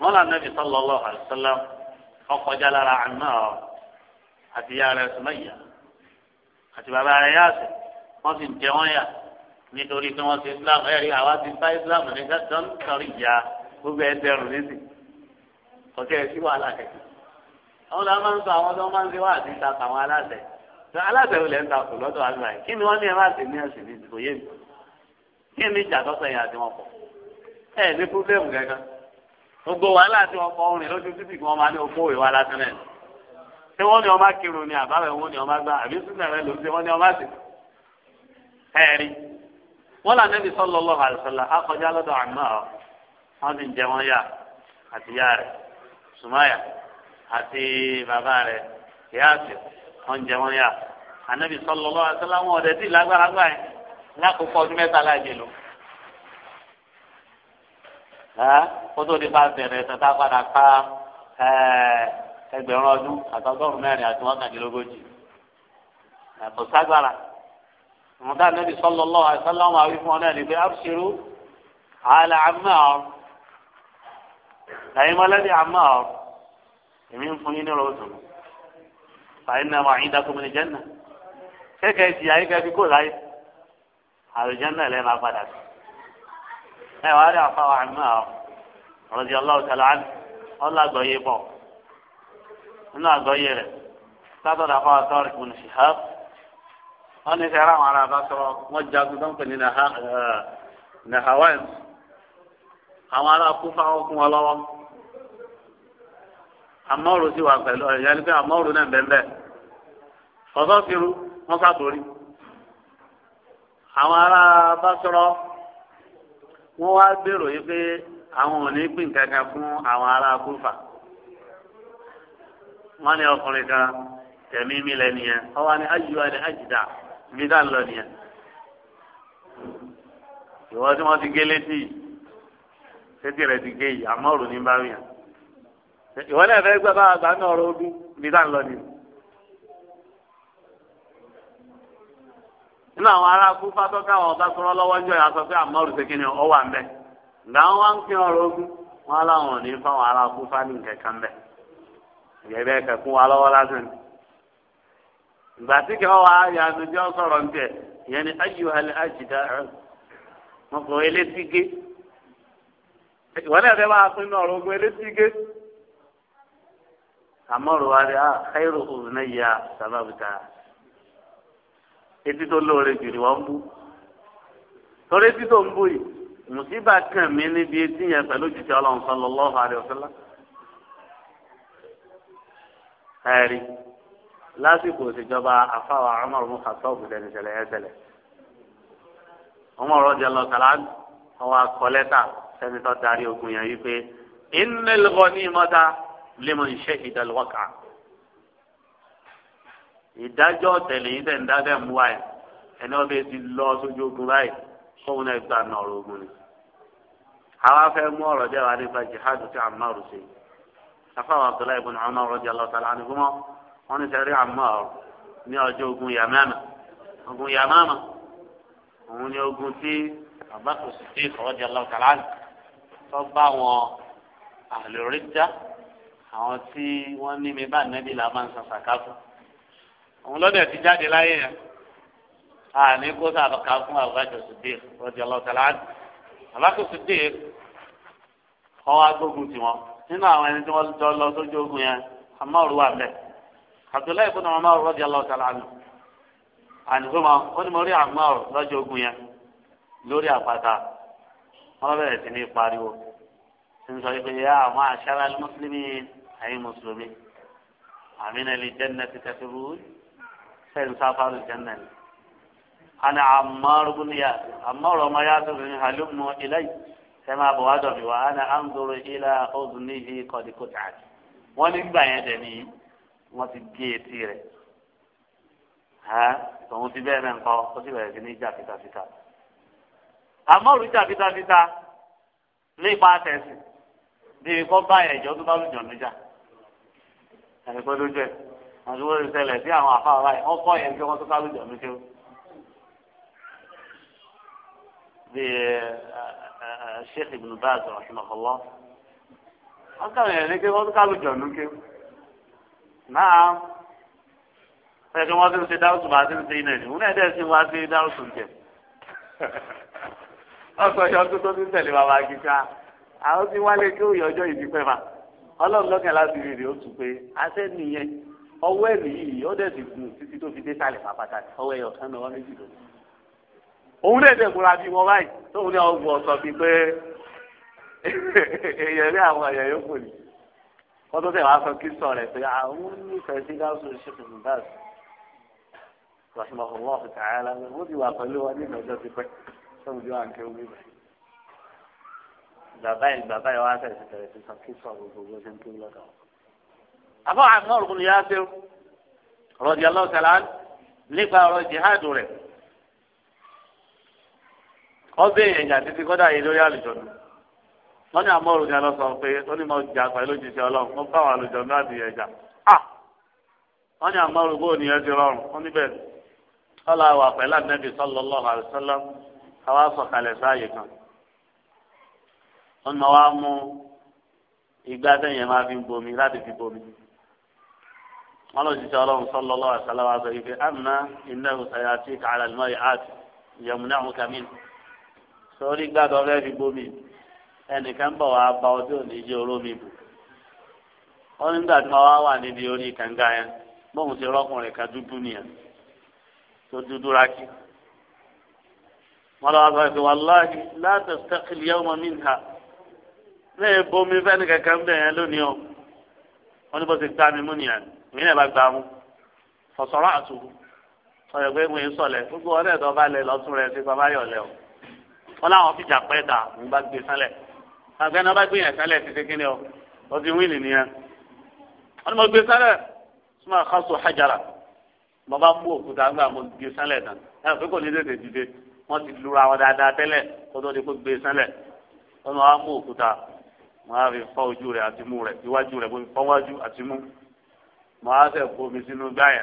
wọn là nẹ́bi sallallahu alaihi wasallam ọkọjá lára àná àti ìyá rẹ̀ Sumayya àti bàbá rẹ̀ Yasir wọ́n sì ń jẹ wọ́n yà nítorí pé wọ́n ti Islam ẹ̀rí àwa ti bá Islam ní gàdán sọ̀rí ìyá gbogbo ẹ̀ dẹrùn nísì kò wàhálà kẹ̀kẹ́ àwọn làwọn máa ń sọ àwọn tó máa ń ṣe wá àti ìta àtàwọn aláṣẹ alábẹ̀wò lẹ́ ń ta kù lọ́dọ̀ àgbà yìí kí ni wọ́n ní ẹ má sì ní ẹ̀sìn ní ìdìbò yé mi kí ni ìjà tọ́sẹ̀ yẹn àti wọn pọ̀ ẹ ní púrọ́blẹ́mù kankan gbogbo wàhálà àti wọn pọ̀ orin lójú títì kí wọ́n máa ní okó ìwà lásán náà wọ́n ní ọmọ kírun ni àbáwẹ̀ wọn ní ọmọ gbá àbí súnmọ̀ rẹ lòún ṣe ní ọmọ sì ẹ̀rí wọ́n là nẹ́bi sallallahu alaihi wọn jẹ wọn yà anabi sallallahu alaihi wasallam ọdẹ tí lágbára gbà yẹn lákòókò ọdún mẹ́ta láàjẹ lọ. ó tó di bá bẹ̀rẹ̀ tata padà ká ẹgbẹ̀rún ọdún àtọ́gọ́rùn mẹ́rin àti mọ́kàndínlógójì kò ságbára wọn dá anabi sallallahu alaihi wasallam àwọn àwí fún ọ náà ní pé abṣiru àlà Ammar ẹ̀yin mọ́lẹ́bí Ammar èmi ń fún yín ní ròdùnú fàyínà wà ní dákúmí ní jẹ́nà kéèké ti ayé kẹ́kẹ́ kó láyé àlùjẹ́nà lẹ́ máa padà sí. ẹ wàá rí àfa wa àmì àwọn rọ̀dí ọlọ́run tẹ̀lé àná ọlọ́ àgbọ̀yé bọ̀ nínú àgbọ̀yé rẹ̀ sátọ̀ dàpọ̀ àtọ́rì kùn sí ha wọ́n ní sẹ́ra àwọn ará bá sọ̀rọ̀ wọ́n jagun tó ń pè ní nahawan àwọn ará kú fáwọn wọn lọ́wọ́ amọ́rù sì wà pẹ̀lú ọ̀yà ni pé amọ́rù náà bẹ́ẹ̀ fọ́sọ́ firu wọ́n sàbórí àwọn ará bá sọ̀rọ̀ wọ́n wá gbèrò yìí pé àwọn ò ní pín kankan fún àwọn ará kúfà wọ́n ní ọkùnrin kan tẹ̀mí mi lẹ́nu yẹn ọwọ́ ni ayíwá ni ajídà mi dá lọ nìyẹn ìwọ tí wọ́n ti gé létí sétí rẹ̀ ti gé yìí amọ́rù ní báwí yẹn. ìwọ náà fẹ́ gbẹ́ bá àgbà náà ogun ibi ń lọ nìyí. nínú àwọn ará kú fátọ́ káwọn ọba sọ̀rọ̀ lọ́wọ́ jọ yà sọ pé àmọ́rù ṣe kíni ọ wà ń bẹ̀. wọn wá ń pín ogun wọn láwọn ò ní fáwọn ará wa lọ́wọ́ lásán ni. ìgbà tí kẹwàá sọ̀rọ̀ ń tẹ̀ ìyẹn ni náà fẹ́ máa pín àmọ́rò wa rẹ̀ ah, khairu udhnayya sábàbùtà etí tó lóore jù ni wọ́n ń bú torí etí tó ń bú yìí mùsíbà kàn mí níbi etí yẹn pẹ̀lú jìjì ọlọ́run sallallahu alaihi wasallam ẹ̀rí lásìkò ìṣèjọba àfáwà Umar ibn Khattab ìṣẹ̀lẹ̀ ẹ̀ṣẹ̀lẹ̀ Umar radiyallahu ta'ala ọwọ́ akọ sẹ́ni tó darí ogun yẹn yìí pé innal ghanimata liman shahida al-waqa ìdájọ́ tẹ̀lé yìí tẹ̀ ń dá bẹ́ẹ̀ mú wa yẹn ẹni wọ́n bẹ ti lọ sójú ogun báyìí fóun náà gba nọ̀rọ̀ ogun ni. àwa fẹ́ mú ọ̀rọ̀ jẹ́ wa nípa jihad tí Ammar ṣe afáwọn Abdullahi ibn Umar radiyallahu ta'ala anhuma wọn ní sẹ́rí Ammar ní ọjọ́ ogun Yamama ogun Yamama òun ni ogun tí Abubakar Siddiq radiyallahu ta'ala anhu tó bá wọn àlè rídá àwọn tí wọ́n ní mi bá nẹ́bí la máa ń san sàkáfù òun lọ́dẹ̀ ti jáde láyé yẹn àní kó sàkà fún àbájọ Siddiq rọjò ọlọ́tàlá àbájọ Siddiq kọ́ agbógun tiwọn nínú àwọn ẹni tí wọ́n jọ lọ sójú ogun yẹn Ammar wà bẹ́ẹ̀ Abdullahi ibn Ammar rọjò ọlọ́tàlá nù ànífọ́mọ ó ní mo rí Ammar lọ́jọ́ ogun yẹn lórí àpáta wọ́n bẹ̀rẹ̀ sí ní pariwo sísọ ìpè yà àwọn àṣàrà mùsùlùmí ẹ̀yin mùsùlùmí àmínà lè jẹ́nà ti tẹ̀sí rú sẹ́yìn sáfàrù jẹ́nà ni. ana àmọ́rù bú ni àmọ́rù ọmọ yá tó fi hàlùm mọ́ ilé yìí sẹ́mi àbọ̀ wá dọ̀bí wa ana àǹdóró ilá ọ̀dùn níhi kọ̀díkọ̀tà wọ́n ní gbà yẹn dẹ̀ nìyí wọ́n ti gé etí rẹ̀ tòun ti bẹ́ẹ̀ mẹ́ńkọ́ ó sì bẹ̀rẹ̀ sí ní jà fitafita àmọ́rù jà fitafita nípa tẹ̀sí bí kò bá ẹ̀jọ́ tó bá lùjọ́ níjà àyẹ̀kọ́ ló jẹ́ àti wọ́n ti ṣẹlẹ̀ sí àwọn àfa àwa yìí wọ́n kọ́ yẹn kí wọ́n tó kálù jọ mí kéwù. bí Sheikh Ibn Baz rahimahullah wọ́n kàwé yẹn ní kí wọ́n tó kálù jọ mí kéwù. náà fẹ́ẹ́ kí wọ́n ti ń ṣe dáhùn bá ti ń ṣe iná ẹ̀ nìyẹn dẹ́ sí wá sí dáhùn jẹ. wọ́n sọ yọ ọdún tó ti ń bàbá kíkà àwọn tí wálé kéwù yọjọ́ ìdí pẹ́ fà ọlọ́run lọ́kàn láti rèrè ó tún pé àṣẹ nìyẹn ọwọ́ ẹ̀mí ó dẹ̀ ti gùn títí tó fi dé sálẹ̀ pàpàtà ọwọ́ ẹ̀yọ̀ kan náà wọ́n méjì ló òun dẹ̀ dẹ̀ múra bí wọn báyìí tóun ní ọgbọ̀n ọ̀sọ̀ bíi pé èèyàn ní àwọn èèyàn yóò kò ní. wọ́n tó tẹ̀ wá sọ kí sọ rẹ̀ pé àwọn nífẹ̀ẹ́ sí gáàsù ṣe fún un báàsì. rahimahullah ta'ala wọ́n ti wà pẹ̀lú wọn ní ìgbàjọ́ ti pẹ́ sọ́mu bàbá yìí bàbá yìí wá fẹsẹ̀ tẹ̀lé sísọ kí sọ gbogbo bó ṣe ń kí lọ́dọ̀. àbọ̀ àmọ́ òrùn yá sí rọ̀dì ọlọ́sẹ̀lá nípa ọ̀rọ̀ jihadu rẹ̀. ọbẹ̀ èèyàn títí kọ́dà yìí lórí àlùjọ̀nù. wọ́n ní àmọ́ òrùn yá lọ sọ pé ó ní mo jà pẹ̀lú òjìṣẹ́ ọlọ́run mo bá àwọn àlùjọ̀nù láti ẹ̀jà. wọ́n ní àmọ́ òrùn bóun yẹn ti rọrùn ó níbẹ̀ ọlọ́wà pẹ̀lú àdínẹ́bì sọ́lọ́lọ́ wọ́n máa wá mú igbá sẹ́yìn máa fi bomi láti fi bomi wọ́n lọ sí sọ́lọ́run sallallahu alaihi wasallam sọ ife àmà innahu sayatika ala al-ma'i'at yamna'uka min sọ́rí gbàdọ̀ fẹ́ fi bomi ẹnìkan bọ̀ wá bá ọdí òní jẹ́ olómi bù wọ́n nígbà tí wọ́n wà níbi orí kànga yẹn bóun ti rọ́kùnrin kan dúdú nìyẹn tó dúdú rákì wọ́n lọ́wọ́ sọ ife wallahi la tastaqil yawma minha lè bomi fẹ́ni kankan bẹ̀ yẹn lónìí o wọ́n ní bó ti gbá mi mú nìyẹn mí náà bá gbá mú fọ̀sọ̀rọ̀ àtúbù sọ̀rọ̀ pé mo ń sọ̀lẹ̀ gbogbo ọ̀rẹ́ ẹ̀dọ́ bá lẹ lọ́tún rẹ̀ sí bàbá yọ̀lẹ̀ o wọ́n láwọn fìjà pẹ́ ta ń bá gbé sálẹ̀ àgbẹ̀ náà bá gbé yẹn sálẹ̀ ti kékeré o ó ti wíìnì nìyẹn wọ́n ní mo gbé sálẹ̀ súnmọ́ àkásù hajara mo bá mú òkúta gbà mo gbé sálẹ̀ tán ẹ̀ wọn á fi fọ́ ojú rẹ̀ àti mú rẹ̀ iwájú rẹ̀ bó fi fọ́ wájú àti mú wọn á fẹ́ kó omi sínú gbáyà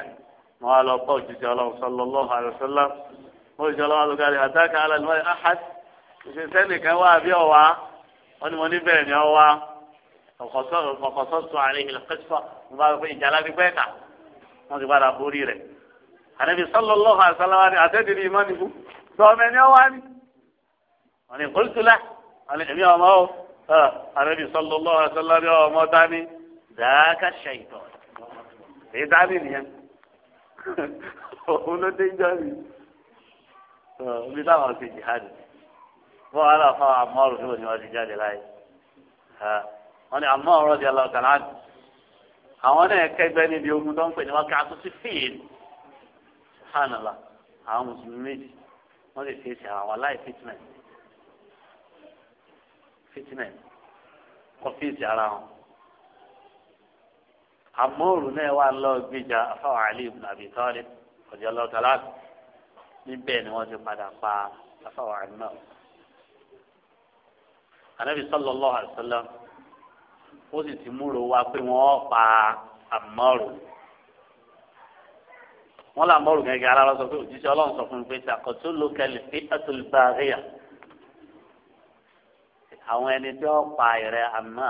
wọn á lọ bọ́ òjijì ọlọ́run sallallahu alaihi wasallam wọn òjijì ọlọ́run alùpàdé àtàkà alẹ́ wọn ahad ìṣẹ̀ṣẹ̀ nìkan wà bí ọ̀wá wọn ni wọn ní bẹ́ẹ̀ ni ọ̀wá ọ̀kọ̀sọ́sọ àlẹ́ ìlẹ̀kẹ́sọ̀ wọn bá fẹ́ ìjà láti gbẹ́ kà wọn ti padà borí rẹ̀ ànábi sallallahu alaihi wasallam ni àtẹ́tìrì ìmọ̀ nìkú tọ́ anabi sallallahu alaihi wasallam ọmọ dání dàákà ṣèyítọ èyí dání nìyẹn òun ló dé jáde ibi táwọn ti jihadi wọn wà láfa àmọrù tó ní wọn ti jáde láyé wọn ni àmọrù rọdí aláwọtàn áàdì àwọn náà kẹgbẹ níbi ogun tó ń pè ní wọn ká tó sí fíìlì hànàlá àwọn mùsùlùmí méjì wọn lè fèsì àwọn aláìfitmẹtì fitinẹ kọfíìsì ara wọn amóoru náà wà lọ gbèjà afáwọn Ali ibn Abi Talib ọjọ lọtọlá níbẹ̀ ni wọ́n ti padà pa afáwọn Ali náà anabi sallallahu alaihi wasallam ó sì ti múrò wá pé wọ́n pa amóoru wọn là mọrù gẹ́gẹ́ alára sọ pé òjíṣẹ́ Ọlọ́run sọ fún mi pé sàkóso lókẹlì fi àtúlùbáríyà àwọn ẹni tí wọ́n pa ìrẹ́ àmọ́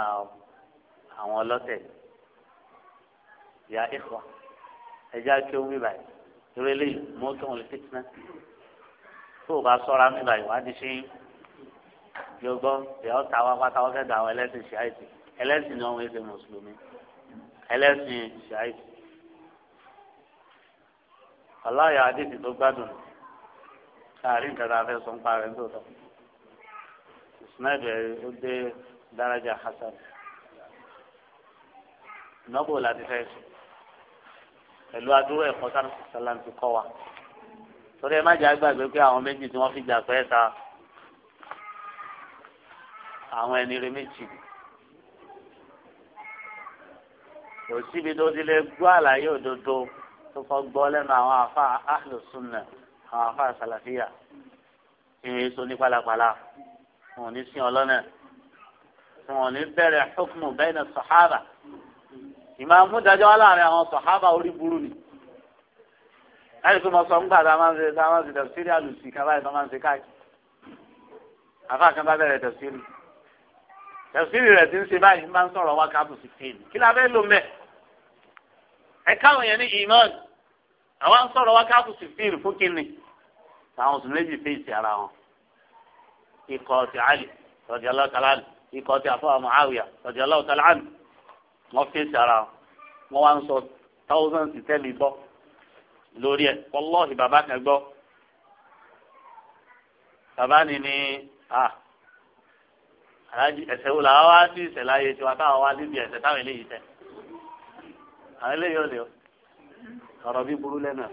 àwọn ọlọ́tẹ̀ ya ìkọ ẹja kí ó wí báyìí torí eléyìí mú kí wọn lè fi tán tó o bá sọ́ra mi báyìí wá di ṣe yọgbọ́ ìyá ọ̀tá wa pátá wọ́n fẹ́ da àwọn ẹlẹ́sìn ṣáìtì ẹlẹ́sìn ni wọ́n ń ṣe mùsùlùmí ẹlẹ́sìn ṣáìtì ọláyà adéjì tó gbádùn káàrin kẹta fẹ́ sọ ń parẹ́ tó tọ́ sinadu ẹ ó dé daraja hasan nọ́bù láti fẹ́ pẹ̀lú adúrú ẹ̀kọ́ sáré sàlám ti kọ́ wa torí ẹ má jẹ́ àgbàgbé pé àwọn méjì tí wọ́n fi jà pẹ́ ta àwọn ẹni rẹ méjì kò síbi tó ti lè gbọ́ àlàyé òdodo tó fọ́ gbọ́ lẹ́nu àwọn afa ahlùsùnà àwọn afa sàlàfíà ìrìn èso ní pálapàla wọn ò ní sin ọlọ́nà wọn ò ní bẹ̀rẹ̀ hukmu bẹ́ẹ̀nà sọ̀hábà ìmáàmù dájọ́ wà láàrin àwọn sọ̀hábà orí burú ni láti fi mọ sọ ń gbà tá a máa ń ṣe tá a máa ń ṣe tẹ̀síìrì àlùsí kan báyìí tó máa ń ṣe káàkiri àfa kan bá bẹ̀rẹ̀ tẹ̀síìrì tẹ̀síìrì rẹ̀ ti ń ṣe báyìí máa ń sọ̀rọ̀ wá káàbù sí fèèlì kí la fẹ́ lò mẹ́ ẹ káwọn yẹn ní ìmọ̀n àwọn ń wá káàbù sí fèèlì fún kínni àwọn sùn méjì fèèsì ara wọn ikọ̀ ti ali rọ̀jì aláwọ̀tàlá ikọ̀ ti àfọwà muhawiya rọ̀jì aláwọ̀tàlá wọn fèsì ara wọn wá ń sọ thousands tẹ́lẹ̀ gbọ́ lórí ẹ̀ wọ́lọ́ọ̀hì bàbá kan gbọ́ bàbá ni ni aláàjì ẹsẹ̀ wo làwọn wá sí ìṣẹ̀lẹ̀ ayé tiwa táwọn wá níbi ẹsẹ̀ táwọn eléyìí tẹ̀ àwọn eléyìí ò lè ọ̀rọ̀ bí burú lẹ́nu ẹ̀.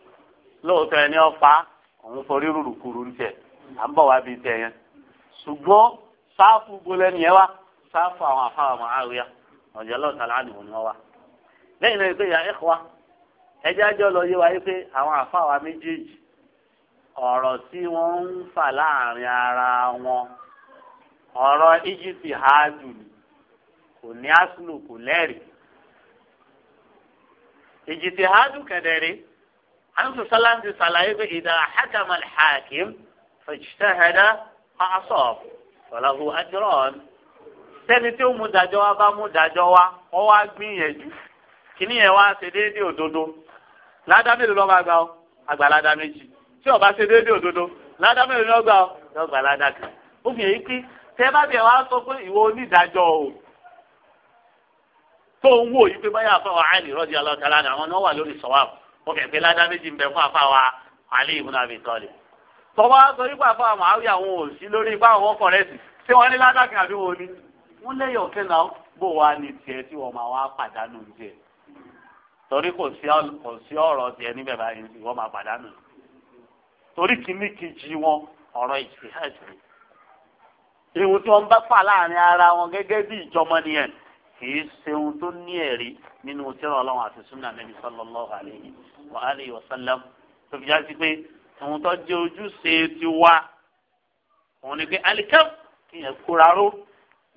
lóòótọ́ ẹni ọ̀pá òun forí rúru nke ní à ń bọ̀ wá bíi tiẹ̀ yẹn ṣùgbọ́n sáfù gbolẹ̀ nìyẹn wá sáfù àwọn àfáà ọmọ àríyá ọ̀jẹ̀ lọ́ọ̀tà láàdìmọ̀ ni wọ́n wá lẹ́yìn náà wa ẹjẹ́ lọ yé wa pé àwọn méjèèjì ọ̀rọ̀ tí wọ́n ń fà láàrin ara wọn ọ̀rọ̀ ni kò ní kò lẹ́rìí àtúntò sálá ti sàlàyé pé ìdá àhàkàmà hàkìm fèjìtẹ́hẹ́dá àṣọ ọ̀làhùn àjọrọ̀ọ́n sẹ́ni tí ó mú dájọ́ wa bá mú dájọ́ wa wọ́n wá gbìyànjú kìíní yẹn wá ṣe déédéé òdodo ládàá mélòó lọ́ọ́ máa gbà ọ́ àgbà ládàá méjì tí ọba ṣe déédéé òdodo ládàá mélòó lọ́ọ́ gbà ọ́ lọ́ọ́ gbà kan ó èyí pé tẹ́ bá bẹ̀ wá sọ pé ìwọ onídàájọ́ o tó ń wò yí pé báyà fún àwọn rọ́ọ̀dì aláwọ̀ àwọn náà wà lórí sọ̀wáàbù mo kẹ̀ pé ládá méjì ń bẹ fún àfa wa Ali ibn Abi Talib tọ́wọ́ sọ nípa àfa àwọn òsì lórí ipá àwọn ọkọ̀ rẹ̀ sì ṣé wọ́n ní ládá kan àbí wọn ni wọ́n lẹ́yìn ọ̀kẹ́ náà bò wá ní tiẹ̀ tí wọ́n máa wá pàdánù tiẹ̀ torí kò sí ọ̀rọ̀ tiẹ̀ níbẹ̀ báyìí wọ́n máa pàdánù torí kìíní kejì wọn ọ̀rọ̀ ìjìhàjì kì í ṣe ohun tó ní ẹ̀rí nínú tí ọlọ́run àti súnà nẹ́bí sallallahu alaihi wa alihi wa sallam tó fi já sí pé àwọn tó jẹ́ ojúṣe ti wá òun ni pé alikam kìyàn kóra ró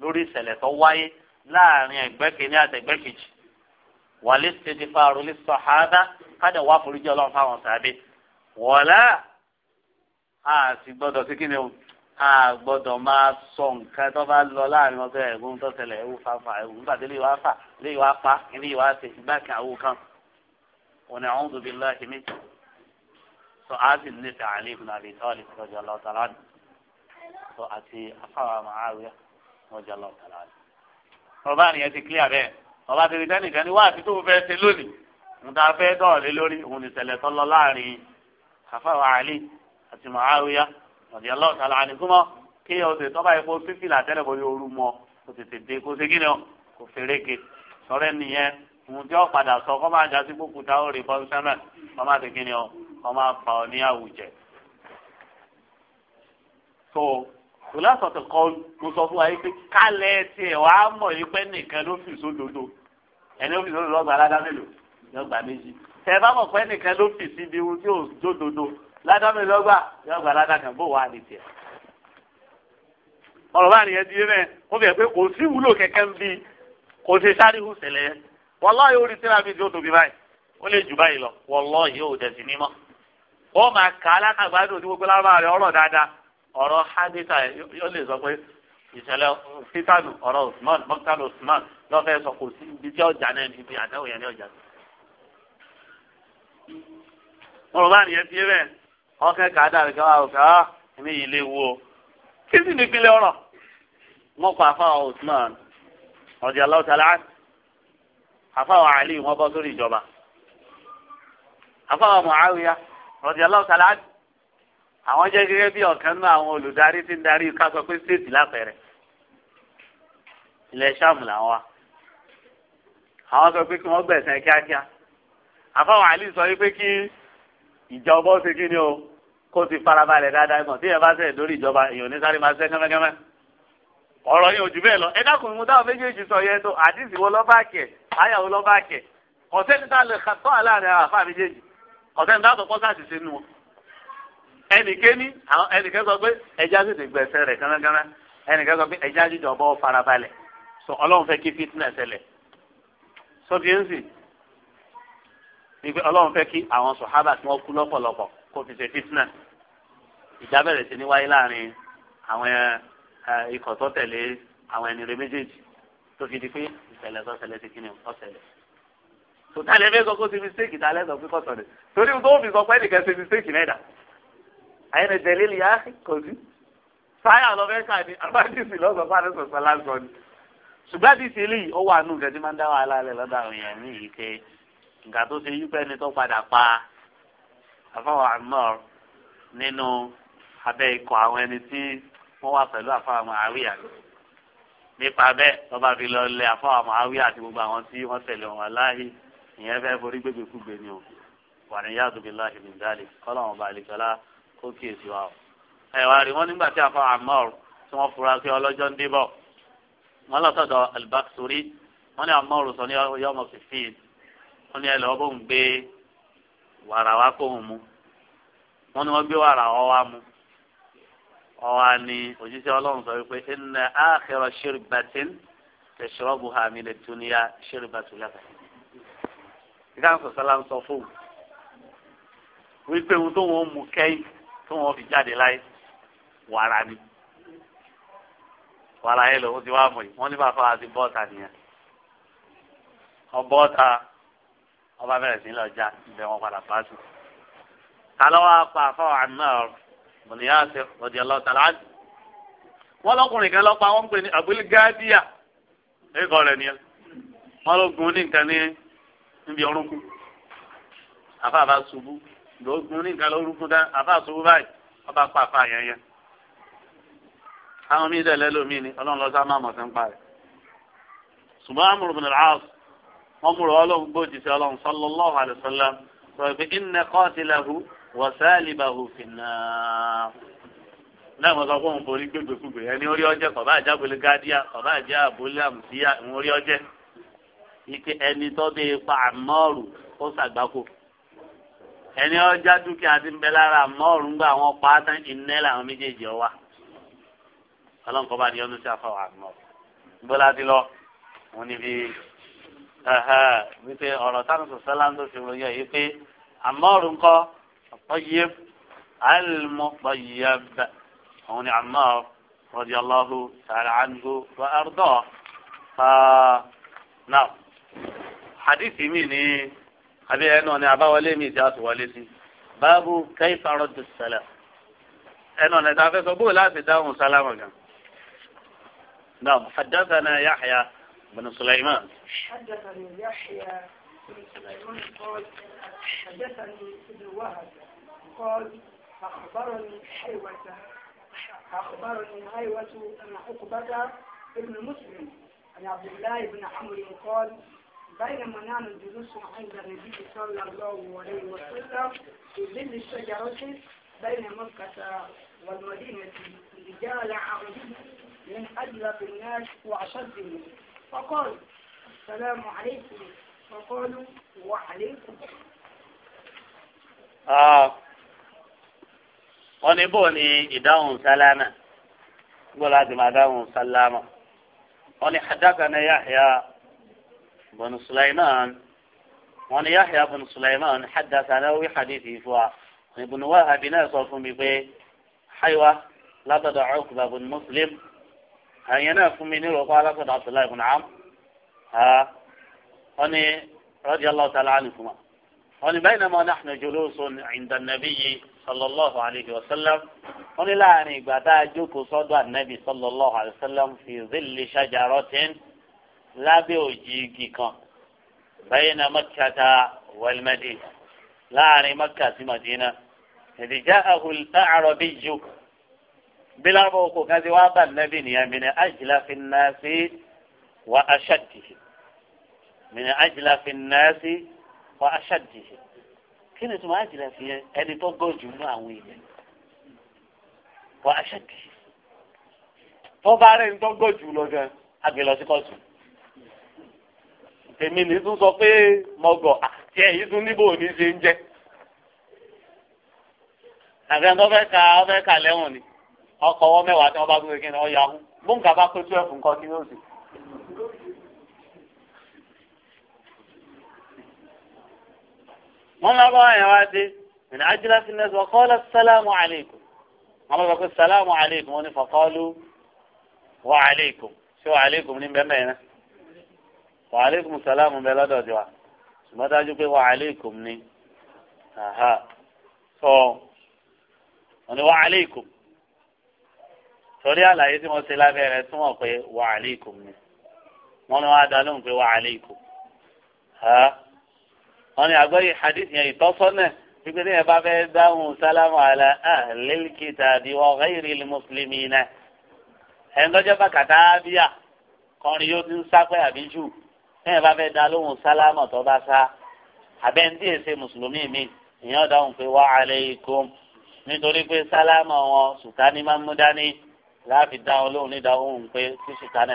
lórí ìṣẹ̀lẹ̀ tó wáyé láàrin ẹgbẹ́ kìíní àti ẹgbẹ́ kejì wàlẹ́ ṣètì fáwọn olè sọ̀hádà kájà wà foríjì ọlọ́run fáwọn sàbẹ̀ wọ́lá a sì gbọ́dọ̀ sí kí ni o a gbọ́dọ̀ máa sọ nǹkan tó bá lọ láàrin ọ̀sẹ̀ ẹ̀gbọ́n tó ṣẹlẹ̀ ẹ̀wù fàáfà ẹ̀wù nígbà tí lè wá fà lè wá pa lè wá ṣe ìgbà kan àwò kan. ونعوذ بالله منه سعاد النفع علي بن أبي طالب رضي الله تعالى عنه وأتي أخا معاوية رضي الله تعالى عنه رباني يتكلي أبيه ọba tẹ̀lé dání kan ní wá àti tó fẹ́ ṣe lónìí nta fẹ́ dọ̀ọ̀lé lórí òun ní ṣẹlẹ̀ tọ́lọ láàrin àfàwà àlì àti màáwíyá ọ̀dì aláwọ̀sálà àníkúmọ́ kí ọ tẹ̀ tọ́ba epo fífìlà tẹ́lẹ̀ bọ́ yóò rú mọ́ o tètè dé ǹjẹ́ ọ̀padà sọ kọ́ máa jásí kókúta ó rí bọ́ńsẹ́mẹ̀ kọ́ máa ti kíni ọ kọ́ máa fa ọ ní àwùjẹ. tó ìlàsọ̀tò kan mo sọ fún wa yìí pé kálẹ̀ tiẹ̀ wá mọ̀ yìí pé nìkan ló fi sódodo ẹni ó fi sódodo lọ́gbà ládá mélòó lọ́gbà méjì tẹ bá mọ̀ pé nìkan ló fi síbi ohun tí ò jódodo ládá mélòó lọ́gbà lọ́gbà bó wà ní tiẹ̀. ọ̀rọ̀ bá nìyẹn di mẹ́ ó fi hàn pé kò sí ìwúlò kẹ̀kẹ́ wọlọ́ọ̀yì orí tíra mi ti ó tóbi báyìí ó lè jù báyìí lọ wọlọ́ọ̀yì ò dẹ̀ sí ní mọ́ ó máa kà á látàgbádùn ní gbogbo lábàá rẹ ọ̀rọ̀ dáadáa ọ̀rọ̀ hadita yóò lè sọ pé ìṣẹ̀lẹ̀ fitanu ọ̀rọ̀ Usman mọ́tàlù Usman lọ́fẹ́ sọ kò sí ibi tí ọjà náà ní ibi àdáwò yẹn ní ọjà. ọ̀rọ̀ bá nìyẹn fi rẹ̀ ọ̀kẹ́ kà á dàrí kí wọ́n á fẹ́ ah wo kí sì ní ìpínlẹ̀ ọ̀rọ̀ mọ́kọ̀ àfáà Usman ọ̀dì aláwọ̀ tàlá àfáwọn àlè wọn bọ́ sórí ìjọba àfáwọn Muawiya radiyallahu ta'ala àwọn jẹ́ gẹ́gẹ́ bí ọ̀kan náà àwọn olùdarí tí ń darí ká sọ pé stéètì lápẹ̀rẹ̀ ilẹ̀ sàmù làwọn wa àwọn sọ pé kí wọ́n gbẹ̀sẹ̀ kíákíá àfáwọn àlè sọ wípé kí ìjọba ó ṣe kí ni o kó ti farabalẹ̀ dáadáa mọ̀ tí ẹ bá sẹ̀ lórí ìjọba èèyàn ní sáré máa ṣẹ́ kẹ́mẹ́kẹ́mẹ́ ọ̀rọ̀ yẹn ò jù bẹ́ẹ̀ lọ ẹ dákun mo dáhùn méjèèjì sọ yẹn tó àdìsí wo lọ́ bá kẹ̀ àyà wo lọ́ba kẹ̀ ọ̀sẹ́ni tá a lè kàtọ́ àláàrin àwọn àfa méjèèjì ọ̀sẹ́ni tá a tó kọ́sà ṣiṣẹ́ nu wọn. ẹnìkéni àwọn ẹnìkẹ́ sọ pé ẹja tètè gbẹ̀sẹ̀ rẹ̀ kánákáná ẹnìkẹ́ sọ pé ẹja jíjọ bọ́ farabalẹ̀ sọ ọlọ́run fẹ́ kí fitna ṣẹlẹ̀ sọ́díẹ́nsì ni pé ọlọ́run fẹ́ kí àwọn sọ̀hábà tí wọ́n kú lọ́pọ̀lọpọ̀ kó fi ṣe fitna ìjà bẹ̀rẹ̀ sí ní wáyé láàrin àwọn eh, ikọ̀ tó tẹ̀lé àwọn ẹni méjèèjì tó fi di pé ṣẹlẹ̀ sọ́sẹlẹ̀ ti kíni ọ̀sẹlẹ̀ tòtá lè fẹ́ sọ kó ti mistake tá a lẹ́sọ̀ pé kọ̀sọ̀ rẹ̀ torí tó fi sọ pé nìkan ṣe mistake náà dà ayẹnẹ tẹ̀lé lè yá ah, kò sí sáyà lọ fẹ́ kà ní abájísì lọ́sọ̀ fún àdéhùn sọ̀sọ̀ lásán ni ṣùgbọ́n àti ìṣẹ̀lẹ̀ yìí ó wà nù nǹkan tí máa ń dá wàhálà rẹ̀ lọ́dọ̀ àwọn èèyàn ní yìí pé nǹkan tó ṣe yí pé ẹni tó padà pa àfọwọ́ àmọ́ nínú abẹ́ ikọ̀ àwọn ẹni tí wọ́n wà pẹ̀lú àfọwọ́ àwọn àríyá nípa bẹ́ẹ̀ lọ́ba fi lọ lẹ àfọwọ́ àmọ́háwí àti gbogbo àwọn tí wọ́n tẹ̀lé wọn láàyè ìyẹn fẹ́ forí gbégbé kúgbe ni o wà ní yàtò bí láàyè ní dálé kọ́lá wọn bá àlejòlá kó kíyèsí wa o. ẹ rí wọn nígbà tí àfọwọ́ àmọ́r tí wọ́n fura pé ọlọ́jọ́ ń débọ̀ wọn lọ́sọ̀dọ̀ albaktori wọn ní àmọ́r sọ ní yọmọ fìfín wọn ní ọ̀wá ni òjíṣẹ́ ọlọ́run sọ wípé ẹnna àkẹrọ ṣẹ́rìbàtìn tẹ̀sírọ́bù hàmì lè túnìyà ṣẹ́rìbàtù lẹ́fà. ìdáhùn sọ̀sálà ń sọ fún un wípé ohun tó wọ́n mú kẹ́yìn tó wọ́n fi jáde láyé wàrà ni wàrà yẹn lòun ti wá mọ̀ yìí wọ́n ní bàbá àti bọ́ọ̀tà nìyẹn ọbọ̀ọ̀tà ọba bẹ̀rẹ̀ sí lọ já ibẹ̀ wọn padà pàṣẹ. ta ló wá pa àfọwọ́ àná ọ̀rọ̀ mọ̀lẹ́yàsẹ̀ ọ̀dì aláwọ̀tàlá wọn lọkùnrin kan lọ́pàá wọn ń pè ní abúlgádíà ẹ̀kọ́ rẹ̀ nìyẹn wọn ló gun ní nǹkan ní níbi ọrùnkún àfààfà ṣubú ló gun ní nǹkan lórúkún dá àfàà ṣubú báyìí wọn bá pa àfàà yẹn yẹn àwọn míín dẹ̀ lẹ́lòmíín ni ọlọ́run lọ́sà máa mọ̀ sí ń parẹ́ ṣùgbọ́n àmúrò bìnnà áàs wọn múrò ọlọ́run gbòjì sí ọlọ́run sallallahu wọ́sálìbàhù fìnnà náà mo sọ fún òun borí gbégbégbé ẹni orí ọjẹ kọba àjábọlé gádíà kọba àjẹ àbólé àmùsíyà ìwọn orí ọjẹ ike ẹni tó bí ipa àmọ́ọ̀rù ó ṣàgbákò ẹni ọjà dúkìá ti ń bẹ lára àmọ́ọ̀rù ń gbà wọn pa á tán iná làwọn méjèèjì ọwà ọlọ́run kọ́ bá ní ọdún sí afọwọ́ àmọ́ọ̀rù gbọ́dọ̀ ti lọ wọn níbi wípé ọ̀rọ̀ táwọn sọ̀sọ́ láńdó fi ròyìn الطيب المطيب هوني عمار رضي الله تعالى عنه وأرضاه ف... نعم حديث مين أبي أنه أنا أبا ولي جات والدي باب كيف أرد السلام أنه أنا دافع فبو لا في تداوم سلامك نعم حدثنا يحيى بن سليمان حدثني يحيى سمعون قال حدثني ابن وهب قال أخبرني حيوة أخبرني حيوة أن عقبة ابن مسلم عن عبد الله بن عمرو قال بينما نحن جلوس عند النبي صلى الله عليه وسلم في ظل الشجرة بين مكة والمدينة رجال عربي من أجلب الناس وأشدهم فقال السلام عليكم فقالوا وعليكم آه wọ́n ní bò ní ìdáhùn sálámà gbọ́dọ̀ àti máa dáhùn sálámà wọ́n ní hadakana yahya bọ̀nù sulaiman wọ́n ní yahya bọ̀nù sulaiman hadakana wí hadithi fún wa ní bọ̀nù wahabi náà sọ fún mi pé haiwa látọ̀dọ̀ ọkùnrin bọ̀nù muslim àyẹn náà fún mi ní rògbò alátọ̀dọ̀ abdullahi bọ̀nù am wọ́n ní radiyallahu ta'ala anhuma wọ́n ní baynama nahnu julusun 'inda an-nabiyyi sallallahu alayhi wa sallam wọ́n ní láàrin ìgbà tá a jókòó sọ́dọ̀ ànábì sallallahu alayhi wa sallam fi zilli shajaratin lábẹ́ òjì igi kan bayna makkata wal madina láàrin makka sí madina idh ja'ahu al-a'rabiyyu bílárọ̀ kò kan ti wá bá ànábì nìyẹn min ajlafi an-nasi wa ashaddihi min ajlafi nnasi wa ashaddihi kí ni tuma ajlafi yẹn ẹni tó gbọ́ jù nínú àwọn èèyàn wa ashaddihi tó bá rẹ̀ ń tó gbọ́ jù lọ gan agbèlọ sí kọ́ọ̀tù tèmi ní tún sọ pé mọ̀gọ̀ àti ẹ̀yìn tún níbo ní ṣe ń jẹ́ àgbẹ̀ tó fẹ́ ka ọfẹ́ ka lẹ́wọ̀n ni ọkọ̀ ọwọ́ mẹ́wàá tí wọ́n bá gbé kí ni ọ yà bóńkà bá pé twelve nǹkan kí ni ó sì. wọ́n lọ bá yẹn wá dé ẹ̀nà ajílá sí nẹ́sì wọ́n kọ́lá sálámù aleikum wọ́n lọ bá pé sálámù aleikum wọ́n ní fọ́kọ́lù wà aleikum ṣé wà aleikum ní bẹ́ẹ̀ mẹ́rin wà aleikum sálámù bẹ́ẹ̀ lọ́dọ̀ ti wa ṣùgbọ́n dájú pé wà aleikum ní sọ wọ́n ní wà aleikum torí àlàyé tí wọ́n ṣe lábẹ́ rẹ̀ túmọ̀ pé wà aleikum ní wọ́n ní wọ́n á dá lóhùn pé wà aleikum wọn ni àgbọ̀yé hadith yẹn ìtọ́sọ́nà wípé ní ẹ̀bá fẹ́ dáhùn sálámù àlà ahlil kitabi wa ghayril muslimina ẹ̀ ń lọ́jọ́ bá kàtàbíà kọrin yóò ti ń sápẹ́ àbíjù ní ẹ̀bá fẹ́ dá lóhùn sálámù tó bá sá àbẹ́ntí èsè mùsùlùmí mi ìyẹn dáhùn pé wa alaykum nítorí pé sálámù wọn sùtánì máa ń mú dání láàfin dáhùn lóhùn nídáhùn pé kí sùtánì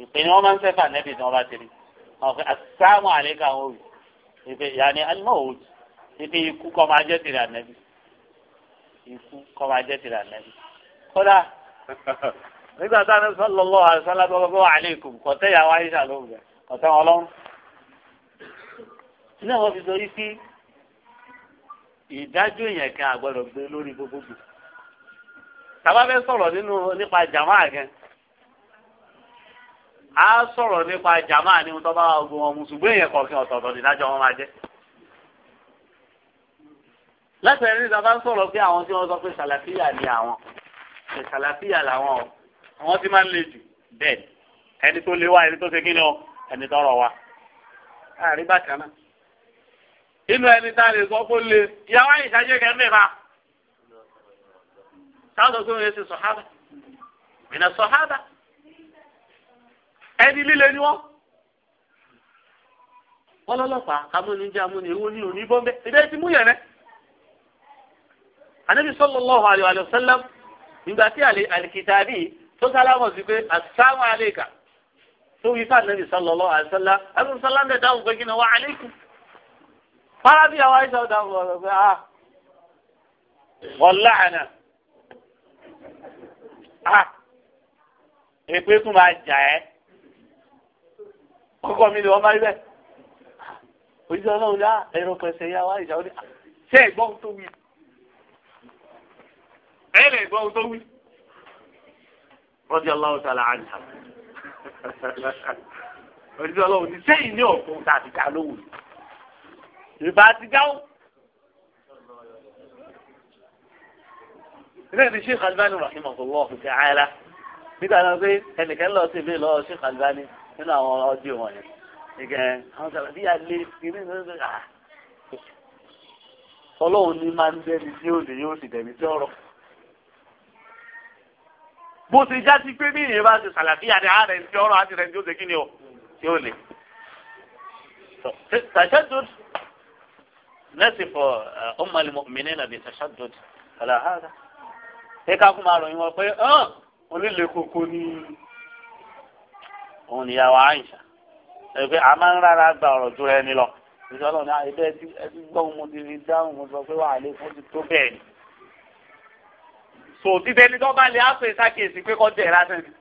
ìpinnu wọn máa ń fẹ́ fà nẹ́bì tí wọ́n bá ti rí wọn fẹ́ asáàmù àlékà wọn wì ìpè yanni alimọ̀wòd ìpè ikú kọ́ máa jẹ́ tìrì ànẹ́bì ikú kọ́ máa jẹ́ tìrì ànẹ́bì kódà nígbà táwọn ẹni sọ́lọ́ lọ́wọ́ àṣálá tó lọ́wọ́ àlékún kọ́tẹ́ yà wá ìṣà lóhùn rẹ̀ kọ́tẹ́ wọn lọ́rùn. ilé wọn fi sọ yí ìdájọ́ yẹn kan àgbọ̀dọ̀ gbé lórí gbogbogbò tàbá fẹ́ sọ̀rọ̀ nínú nípa jàmáà gan a sọ̀rọ̀ nípa jàmáà ní ohun tó bá ogun wọn mu ṣùgbọ́n èèyàn kọ̀ọ̀kan ọ̀tọ̀ọ̀tọ̀ nídájọ́ wọn máa jẹ́. lẹ́sẹ̀ rí ìjọba ń sọ̀rọ̀ pé àwọn tí wọ́n sọ pé sàlàfíà ni àwọn pé sàlàfíà làwọn o àwọn tí máa ń le jù bẹ́ẹ̀ ni ẹni tó lé wa ẹni tó ṣe kí ni o ẹni tó rọ̀ wa. àrí bákan náà inú ẹni tá a lè sọ pé le ìyàwó àyíṣàjẹ́ kẹ́ mẹ́fà sáà sọ pé òun yẹn ti sọ̀hábà ìnà ẹni líle ni wọn. wọn lọlọpàá amúnijẹ amúnijẹ ewu ni òní bọ́m̀bẹ́ ìdá ti mú yẹn rẹ. anabi sallallahu alaihi wa sallam nígbà tí alikitaabi tó sálámọ sí pé assalamu alayka tó wí fún anabi sallallahu alaihi wa sallam anabi sallam dẹ dáhùn pé kí ni wà aleikum. farabi àwọn àìsàn dáhùn ọ̀rọ̀ pé ah wọ́n láàánà ah èpè tún máa jà ẹ́ ọkọ mi ni wọ́n bá rí bẹ́ẹ̀ òjijì ọlọ́run ní ẹ̀rọ pẹ̀sẹ̀ yá wá ìjà ó ní ṣé ẹ̀gbọ́n tó wí ẹ̀ lè gbọ́n tó wí rọ́dí ọlọ́run sàlà àjà òjijì ọlọ́run ní sẹ́yìn ní ọ̀gbọ́n tá ti dá lóhùn ìbá ti dáhùn. ilé ìdí Sheikh Albani rahimahullah ta'ala nígbà náà pé ẹnìkan lọ sí ìlú ìlọ Sheikh Albani nínú àwọn ọdún wọn yẹn ìgẹ̀ àwọn sàlẹ̀ bí alẹ́ kiri nínú ah ọlọ́run ní máa ń dẹ́ni tí ó lè yóò sì dẹ̀mí tí ọ̀rọ̀ bó ti já sí pé bí ìyẹn bá ti sàlàfíà ni àárẹ̀ ti ọ̀rọ̀ àti rẹ̀ tí ó ṣe kí ni o tí ó lè tashadud نصف أم المؤمنين بتشدد فلا هذا هيك أكو معلومين وقال آه ولي لكوكوني òun ni ìyàwó àyíṣà ẹ pé a máa ń rárá gba ọ̀rọ̀ ju rẹ ni lọ ìjọ náà ní àyè bẹ́ẹ̀ ẹbí gbọ́ mo ti fi dáhùn mo sọ pé wà á lè fún ti tó bẹ́ẹ̀ ni. sò dídé ní tọ́ba lè áṣọ ìsákèsí pé kọ́ jẹ́ lásán ni.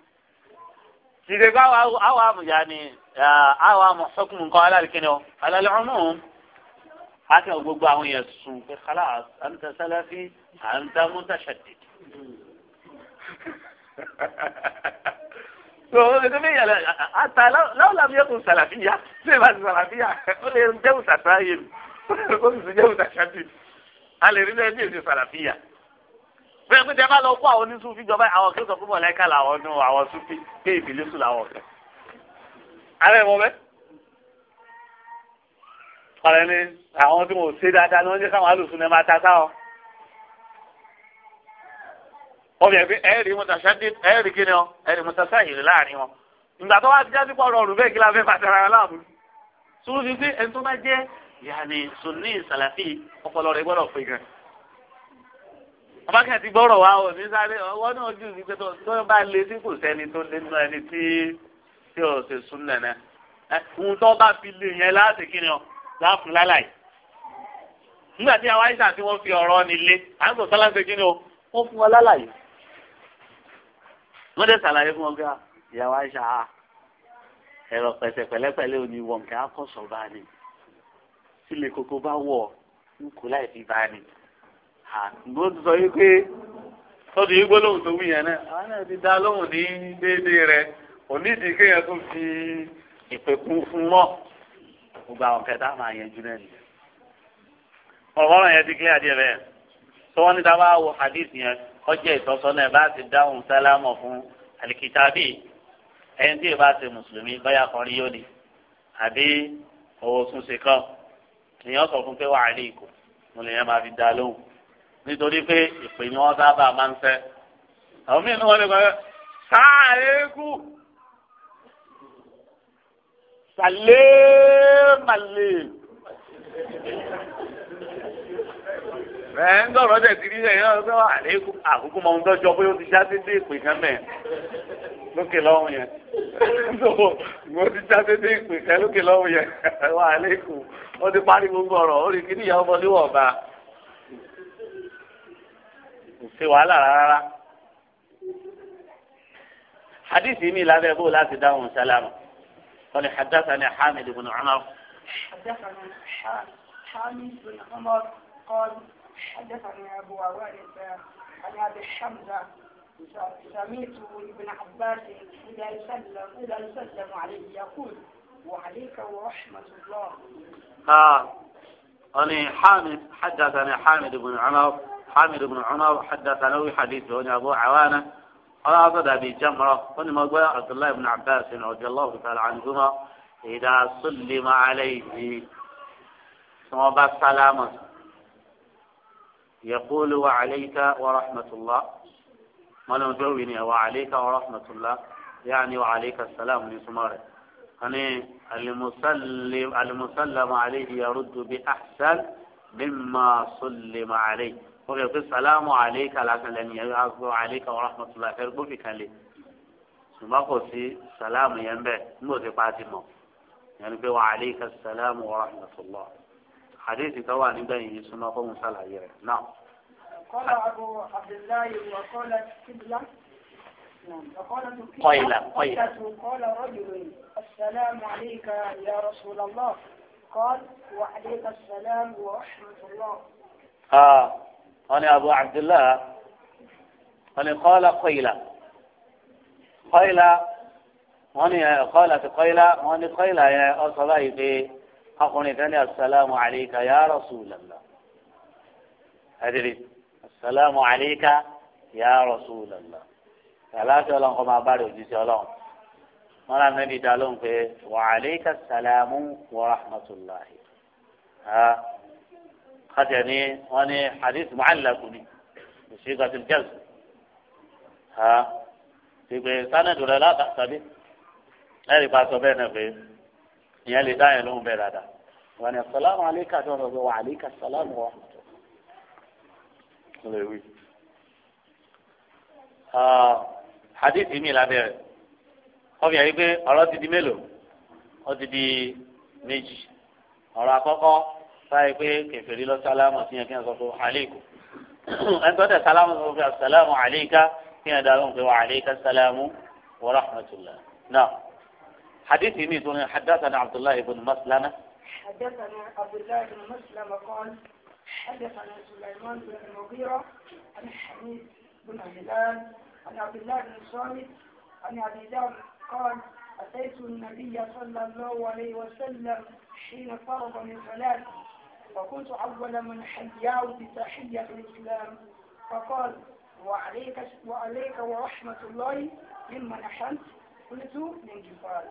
dídé bá àwọn àmùyá ni àwọn àmù sọ́kùnmù nǹkan alálìkíni ọ alálẹ́ ọ̀nà òun á kẹ́ gbogbo àwọn èèyàn sùn pé kálá àǹtà sálàfí àǹtà mọ́tàṣàdì ata láwùlà mi yẹ kó sàlàfíà ṣé ìbá ti sàlàfíà ó lè jẹun sàtà yé mi ó sì ti jẹun sàṣàbí a lè rí lẹ́yìn tí èsì sàlàfíà bẹ́ẹ̀ pé tẹ́ bá lọ kó àwọn onísùnfí jọba àwọn kí ó sọ fún mọ̀lẹ́kà làwọn nù àwọn súnfí pé ìbílẹ̀ sùn làwọn kẹ. ara ẹ̀ wọ bẹ́ẹ̀ ọ̀rẹ́ ni àwọn tí mo ṣe dáadáa ni wọ́n jẹ́ káwọn alùsùn ẹ̀ máa ta sáwọn ọbẹ̀ ẹ̀fẹ́ ẹ̀rì mùtàṣáde ẹ̀rì kí ni ọ ẹ̀rì mùtàṣáyìrì láàrin wọn. ìgbà tó wá ti jáde pọ̀ rọrùn bẹ́ẹ̀ kí la fẹ́ fàtàrà aláàbò. sùúrù fífi ẹni tó bá jẹ́ yàní sunni sàlàfì ọpọlọ rẹ gbọ́dọ̀ pé gan. ọbákẹ́ ti gbọ́rọ̀ wá ọ ní sáré wọn náà jù ní pé tó bá lé tí kò sẹ́ni tó lé nínú ẹni tí tí ò ṣe sún nẹ̀nẹ̀. ohun tó bá fi lè yẹn láti kí ni ọ láàfin láláì. nígbà tí àwọn àìsàn tí wọ́n dẹ̀ sàlàyé fún ọgá ìyàwó àṣà ẹ̀rọ pẹ̀sẹ̀ pẹ̀lẹ́pẹ̀lẹ́ òní wọ̀ nkẹ́ akọ̀sọ̀ bá ní sílẹ̀ kókó bá wọ̀ nkú láì fi bá ní. àgbò tó sọ wípé tọ́jú yìí gbólóhùn tó wù yẹn náà àwọn náà ti dá lóhùn ní déédéé rẹ onídìí kéèyàn tó fi ìpè kún fún mọ́ gbogbo àwọn kẹta máa yẹn jù náà nìyẹn. ọ̀rọ̀ yẹn ti kílẹ̀ adìẹ bẹ́ẹ̀ sọ wọ́n bá wọ hadith ọjọ́ ìtọ́sọ́nà ẹ̀ bá ti dáhùn sálámọ̀ fún àlìkìtàbí ẹni tí ìbá ti mùsùlùmí báyà kan rí yóò ní àbí owó súnṣe kan èèyàn sọ fún pé wà á rí ìkò mo lè yẹn máa fi dá lóhùn nítorí pé ìpè ni wọ́n sábà máa ń fẹ́ àwọn mí-ín wọn lè kọ́ sáàlẹ́kù sàlẹ́ ẹ ń dọ̀rọ̀ dẹ̀ ti rí ẹ̀ yọ ọ́ àlékún àkókò mọ ohun tọ́jú ọbẹ̀ yóò ti já dédé ìpè kan mẹ́ lókè lọ́hùn yẹn mo ti já dédé ìpè kan lókè lọ́hùn yẹn wà àlékún ó ti parí gbogbo ọ̀rọ̀ ó rí kíní ìyàwó ọmọdé wọ̀ bá kò ṣe wàhálà rárá. حديث يميل هذا يقول لا تداوم سلامه قال حدثني حامد بن عمر حدثنا حامد بن عمر قال حدثني أبو وارث عن أبي حمزة سميت ابن عباس إذا يسلم إذا يسلم عليه يقول وعليك ورحمة الله. آه أنا حامد حدثني حامد بن عمر حامد بن عمر حدثني حديث عن أبو عوانة قال أصد أبي جمرة ما قال عبد الله بن عباس رضي الله تعالى عنهما إذا سلم عليه ثم بس سلامه يقول وعليك ورحمة الله مالا جويني وعليك ورحمة الله يعني وعليك السلام من سمارة أنا المسلم المسلم عليه يرد بأحسن مما سلم عليه وقال السلام عليك لكن لن يعز عليك ورحمة الله خير بوفي كان لي ثم قلت سلام ينبه موزي فاتمة يعني وعليك السلام ورحمة الله àdéhìí tó wà nígbẹ̀yìn yìí súnmọ́ fóun ṣàlàyé rẹ̀ náà. kọ́lá abu abdullahi قال رجل السلام عليك يا رسول الله قال وعليك السلام ورحمة الله آه أنا أبو عبد الله أنا قال قيلة. قيلة أنا قالت قيلة أنا قيلة يا أصلاحي ọkùnrin kan ní asalaamu aleyka ya rasulallah adiri asalaamu aleyka ya rasulallah aláṣẹ ọlọ́run kọ máa bá rẹ òjíṣẹ́ ọlọ́run wọn náà nàbí dá lóhùn pé wa aleyka salaamu wa rahmatulahi ha kàtẹ ní wọn ní hadith mu'allaqun ni bisigat al-jazm ha ṣùgbọ́n sanadu rẹ látàkàbí ẹ̀rí pa sọ bẹ́ẹ̀ ìyẹn lè dá yẹn lóhùn bẹ́ẹ̀ dáadáa wọn ah, ni salamu aleyka tó ń lọ wà aleyka salamu wa lèwi. hadith mi lábẹ́rẹ̀ ọ̀bì yẹn pé ọ̀rọ̀ ti di mélòó ó ti di méjì ọ̀rọ̀ àkọ́kọ́ báyìí pé kẹfẹ́rí lọ sálámù sí yẹn kí n sọ pé aleyku ẹni tó sálámù sọ pé asalamu aleyka kí n dàrú pé wà aleyka sálámù wa rahmatullah náà. حديث مين حدثنا عبد الله بن مسلمة حدثنا عبد الله بن مسلمة قال حدثنا سليمان بن المغيرة عن حميد بن هلال عن عبد الله بن صامت عن أبي ذر قال أتيت النبي صلى الله عليه وسلم حين فرغ من صلاته فكنت أول من حياه بتحية الإسلام فقال وعليك وعليك ورحمة الله ممن أحنت قلت من جفال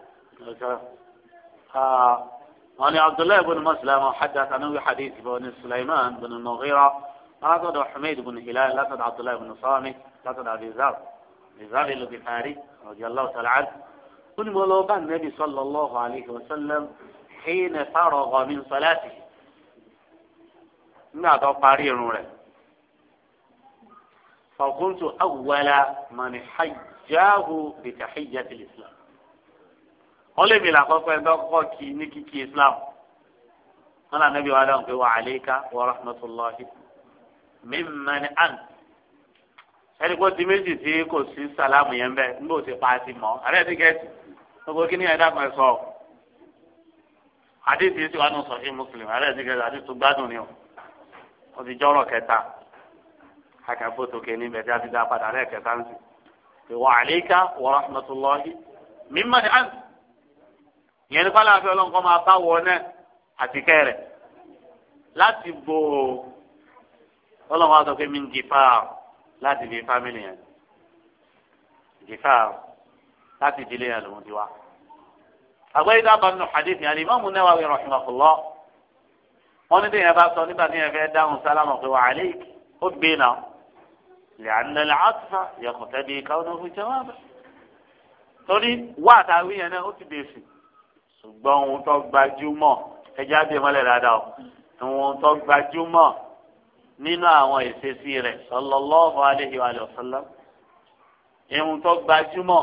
آه، وعن عبد الله بن مسلم حدث عنه حديث بن سليمان بن المغيرة أعتقد حميد بن هلال أعتقد عبد الله بن صامت أعتقد أبي ذر أبي ذر البخاري رضي الله تعالى عنه كن ملوكا النبي صلى الله عليه وسلم حين فرغ من صلاته ما tó parí فقلت أول من حجاه بتحية الإسلام wọn lè mi làkọ́kọ́ ẹgbẹ́ islam wọn là níbi wàá pé wà àlééká àn ẹni kó ti méjì tí kò sí sàlámù yẹn bẹ́ẹ̀ ti pa ti mọ́ àrẹ ti gbogbo sọ àdìsí wàá sọ sí muslim àrẹ ti tó ni o wọn ti jọrọ kẹta akàfó tókè níbẹ̀ tí a ti dá padà àrẹ kẹta ń sìn wà àlééká wà rahmatulahi mímani ìyẹn ní kọ́lá àfẹ́ ọlọ́run kọ́ máa bá wọ náà àtikẹ́ rẹ̀ láti bò ó ọlọ́run wa sọ pé mi ń jìfà láti di fámìlì yẹn jìfà láti ìdílé yẹn lòún ti wá. àgbẹ̀yìn dábàá nù hadith yẹn Imam Nawawi rahimahullah wọ́n ní bẹ́ẹ̀ bá sọ nígbà tí yẹn fẹ́ dáhùn sálámù pé wà alayk ó gbé e náà lẹ́yìn lẹ́yìn àtúfà yẹ kò tẹ́ di káwọn náà jẹ́ wá ṣùgbọ́n ohun tó gbajúmọ̀ ẹjẹ́ á bíi mọ́lẹ̀ dáadáa o ohun tó gbajúmọ̀ nínú àwọn ìṣesí rẹ̀ sallallahu alaihi wa sallam ohun tó gbajúmọ̀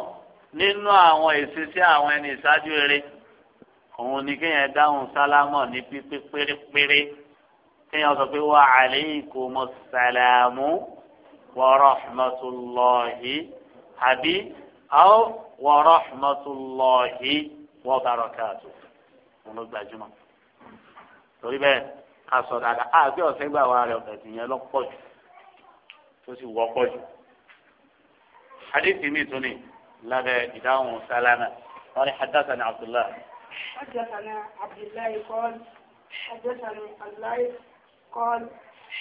nínú àwọn ìṣesí àwọn ẹni ìṣáájú rere òun ni kéèyàn dáhùn sálámọ̀ ní pípé pérépéré kéèyàn sọ pé wa alaykumus salamu wa rahmatullahi àbí aw wa rahmatullahi wọ́n bá rọ káàtó wọn ló gbajúmọ̀ torí bẹ́ẹ̀ ká sọ dáadáa á gbé ọ̀sẹ̀ gbà wá rẹ̀ ọ̀bẹ̀ tìyẹn lọ́pọ̀ jù tó sì wọ́pọ̀ jù. حديث ميتوني لدى إداو سلامة قال حدثنا عبد الله حدثنا عبد الله قال حدثني الليث قال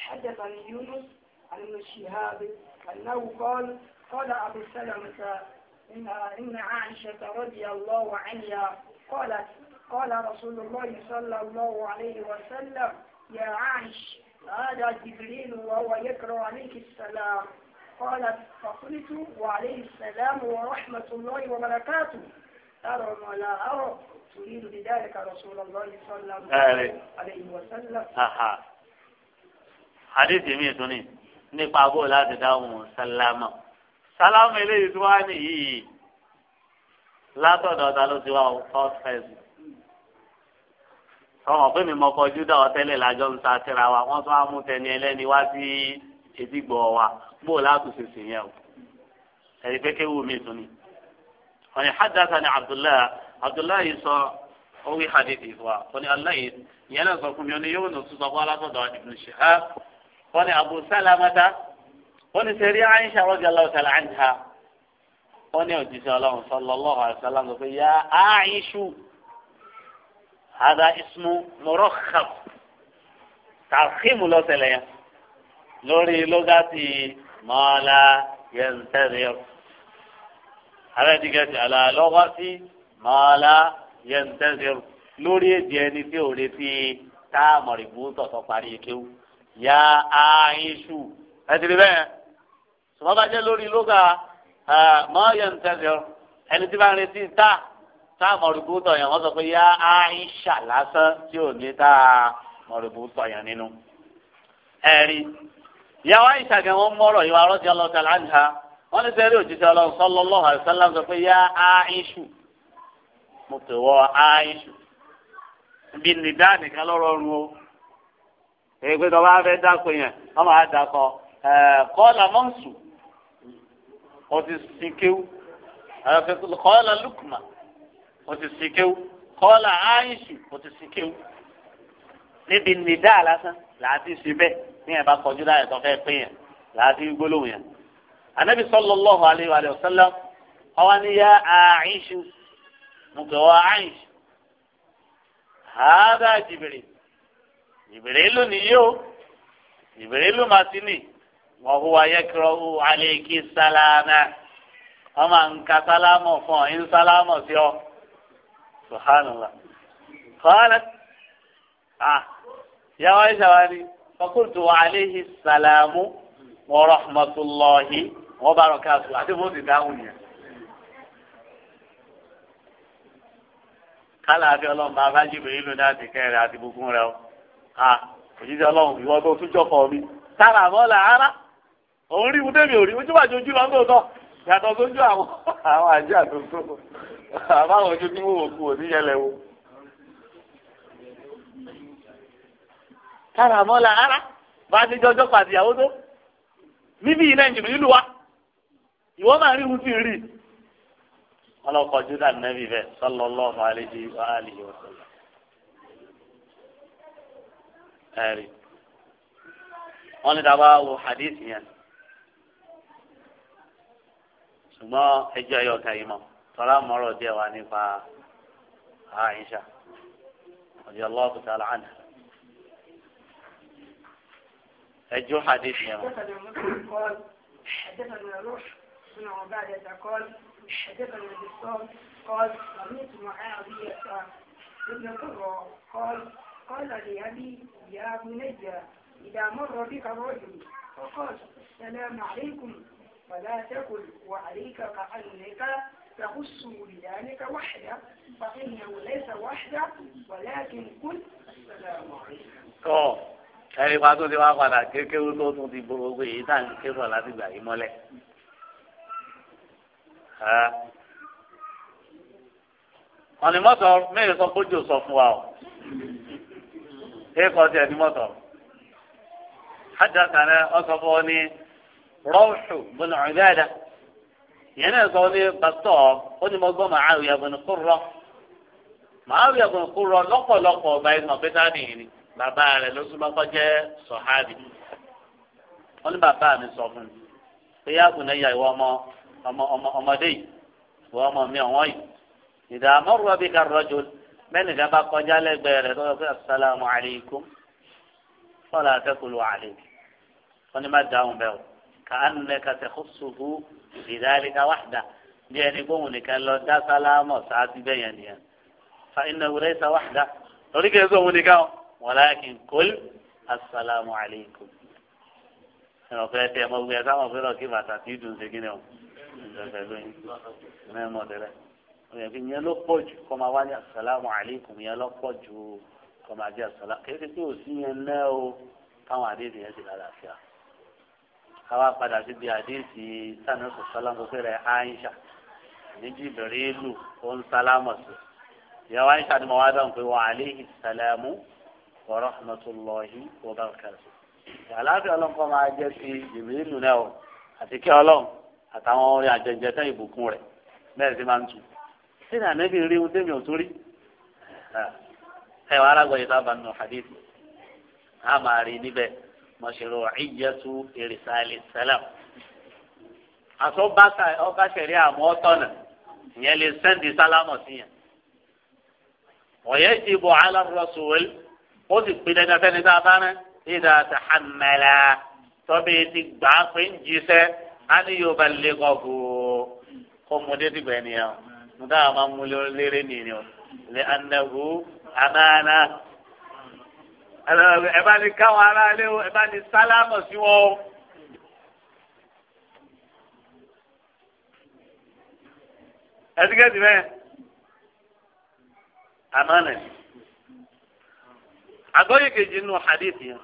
حدثني يونس عن ابن شهاب أنه قال قال أبو سلمة إن عائشة رضي الله عنها قالت قال رسول الله صلى الله عليه وسلم يا عائش هذا جبريل وهو يكره عليك السلام قالت فقلت وعليه السلام ورحمة الله وبركاته ترى ما لا أرى تريد بذلك رسول الله صلى الله عليه وسلم حديث يمين nípa bó láti dáhùn sálámà sálámù eléyìí tí wàá nìyí látọ̀dọ̀ ta ló ti wá o first person tọmọ pé mi mọ kọjú dà ọ tẹ́lẹ̀ lájọ ń ta síra wa wọ́n tún á mú tẹni ẹlẹ́ni wá sí etígbọ̀ wa bó o láàtú ṣèṣì yẹn o ẹ̀rí pé kéwù mi tún ni. ọ̀nì hadassah ni abdullahi abdullahi sọ orí hadithi wa ọ̀nì aláyé ìyẹn náà sọ fún mi ọ̀nì yóò nù sọ fún alásọ̀dọ̀ ibn Shihab ọ̀nì abu salamata wọ́n ní sẹ́rí Aisha radiyallahu ta'ala anha wọ́n ní òjíṣẹ́ ọlọ́run sallallahu alaihi wasallam pé yá Aishu hada ismu murakhab tàkìmù lọ́sẹ̀lẹ̀ yẹn lórí lọ́gàtì mọ́lá yẹn tẹ́lẹ̀ alẹ́ dìgẹ́ ti àlà lọ́gàtì mọ́lá yẹn tẹ́lẹ̀ lórí èdè ẹni tí ò retí táàmù rìbùtọ̀ tó parí kéwù yá Aishu ẹ ti rí bẹ́ẹ̀. ṣùgbọ́n bá lórí lóga mọ́ọ̀yọ̀ ntẹ́sẹ̀ ẹni tí bá ń retí tá tá mọ̀rùbútọ̀ yẹn wọ́n sọ pé yá Aisha lásán tí ò ní tá mọ̀rùbútọ̀ yẹn nínú. ẹ̀rí yàwá Aisha gan wọn mọ̀rọ̀ ìwà rọ́jà lọ́tà láǹdà wọ́n ní sẹ́rí ọlọ́run Aishu wọ́n ti sin kéwú kọ́lá lukuma wọ́n ti sin kéwú kọ́lá aishu wọ́n ti sin kéwú níbi nìdá lásán làátí sí bẹ́ẹ̀ ní ẹ̀ bá kọjú láyẹ̀ tó fẹ́ pé yẹn làátí gbólóhùn yẹn. anabi sallallahu alayhi wa sallam ọwọ́ ni yá aishu mùkẹ́wọ́ aishu hàdá jìbìrì jìbìrì lónìí yóò jìbìrì lómàtí nìyí. wọ̀húwa yẹ́kìrọ́hù àlékí sálámà ọmọ nǹka sálámà fún ọ ń sálámà sí ọ subhanallah kọ́lá ah yàwá ìṣàwárí fakultu wa sálámù wa rahmatulahi wa barakatu àti mo ti dáhùn yẹn. kálá àti ọlọ́run bá ti kẹrin àti rẹ o òjijì ọlọ́run tó tún mi sára ara. òun rí ibùdó mi ò rí ojú wà ju ojú lọ lóòótọ́ yàtọ̀ sójú àwọn àwọn àjẹ àtúntò àbáwọn ojú tí òní yẹlẹ wo. kára mọ́ la rárá bá a ti jọjọ́ pàdé ìyàwó tó níbí ilé ìjìnlẹ̀ ìlú wa máa rí ohun tí rí nẹ́bí bẹ́ẹ̀ ẹ̀rí wọ́n ní dábàá wo hadith yẹn. ṣùgbọ́n ẹjọ́ ayọ̀ kan yìí mọ̀ tọ́lá mọ́rọ̀ díẹ̀ wá nípa Aisha radiyallahu ta'ala anha ẹjọ́ hadith yẹn mọ̀. حدثنا روح بن عبادة قال حدثنا بسام قال سمعت معاوية ابن قرة قال قال لأبي يا بني إذا مر بك الرجل فقال السلام عليكم فلا تكل وعليك كأنك تخص بذلك وحده فإنه ليس وحده ولكن قل السلام عليكم. ẹni wá tó ti wá padà kékeré tó tún ti bọ gbogbo èyí tá à ń ké bọ̀ láti gbà yí mọ́lẹ̀. ọ̀nì mọ́tò mẹ́rin sọ kójò sọ fún wa o kéèkọ́ tiẹ̀ ní mọ́tò. hajj kan náà ọ sọ fún ọ ní rọ́ọ̀ṣù bùnà ọ̀gáàdà yẹn náà sọ ní pásítọ̀ ó ní mo gbọ́ màáwìyà bùnà kúrọ̀ màáwìyà bùnà kúrọ̀ lọ́pọ̀lọpọ̀ ọba ìgbọ̀n pété àdìyìn ni bàbá rẹ̀ ló súnmọ́ kọ́ jẹ́ sọ̀hábì wọ́n ní bàbá mi sọ fún mi pé yá bùnà ìyá ìwọ ọmọ ọmọdé yìí ìwọ ọmọ mi ọ̀wọ́n yìí ìdààmú rọ̀bì ká rọ́jò mẹ́ni ká bá kọjá lẹ́gbẹ̀ẹ́ rẹ̀ lọ́wọ́ pé asalaamualeykum fọlá àtẹkùlù àlè wọ́n ní má dáhùn bẹ́ẹ̀ o kàánẹ́ka tẹ̀kọ́sùfù ìdálẹ́ka wàhdà bí ẹni gbóhùn nìkan lọ dá sálámọ̀ sáájú bẹ́yẹn nìyẹn fa iná wúlẹ̀ sá wàhdà lórí kìí sóhun nìkan wàlákin kòl asalaamu aleykum. ẹ ọ̀fẹ́ tẹ ẹ mọ gbé ẹ sáwọn fẹ́ràn kí bàtà tí ì dùn sí kí ni o ìjọba lóyún mẹ́rin mọ̀ tẹ́lẹ̀ ọ̀yàn kí yẹn ló pọ̀ jù kọ́ máa wá ní asalaamu aleykum yẹn ló pọ̀ jù kọ́ máa jẹ́ asalaamu kékeré tí ò sí yẹn náà o káwọn àdéhùn yẹn ti lálàáfíà àwa padà síbi àdéhìsì sànà sọ̀sọ́lámù fẹ́rẹ̀ àyíṣà ní jìbìrìlù ó ń sálámù sí ìyàwó àyíṣà ni mo wá dáhùn pé wa alayhi sàlámù wa rahmatullahi wa barakatuh àlàáfíà ọlọ́nkọ́ máa jẹ́ ti jìbìrìlù náà àti kí ọlọ́run àtàwọn orin àjẹjẹ tán ìbùkún rẹ̀ bẹ́ẹ̀ sì máa ń tù sí ní ànábì rí ohun tẹ́mi ò tó rí ẹ̀ wọ́n alágbọ̀yẹ̀ mashru'iyyatu irsali salam àti ọba sẹ̀rí àmọ́ tọ̀nà ìyẹn lè sẹ́ndì sálámọ̀ sí yẹn wọ̀nyẹ́ ti bọ̀ ala rasul ó sì pinnu ẹni afẹ́ni tá a bá rẹ́ ìdá tahammala tọ́bi ti gbà á pé ń jíṣẹ́ á ní yóò bá lé kọ́kù kó mu dé ti gbẹ̀ nìyẹn o nígbà máa mú lérè nìyẹn o lè anahu amana ẹ bá ní káwọn aráalé o ẹ bá ní sálámọ̀ sí wọn o. ẹtikẹ́tì bẹ́ẹ̀ àmánà ni àgọ́yé kejì nù hadith yẹn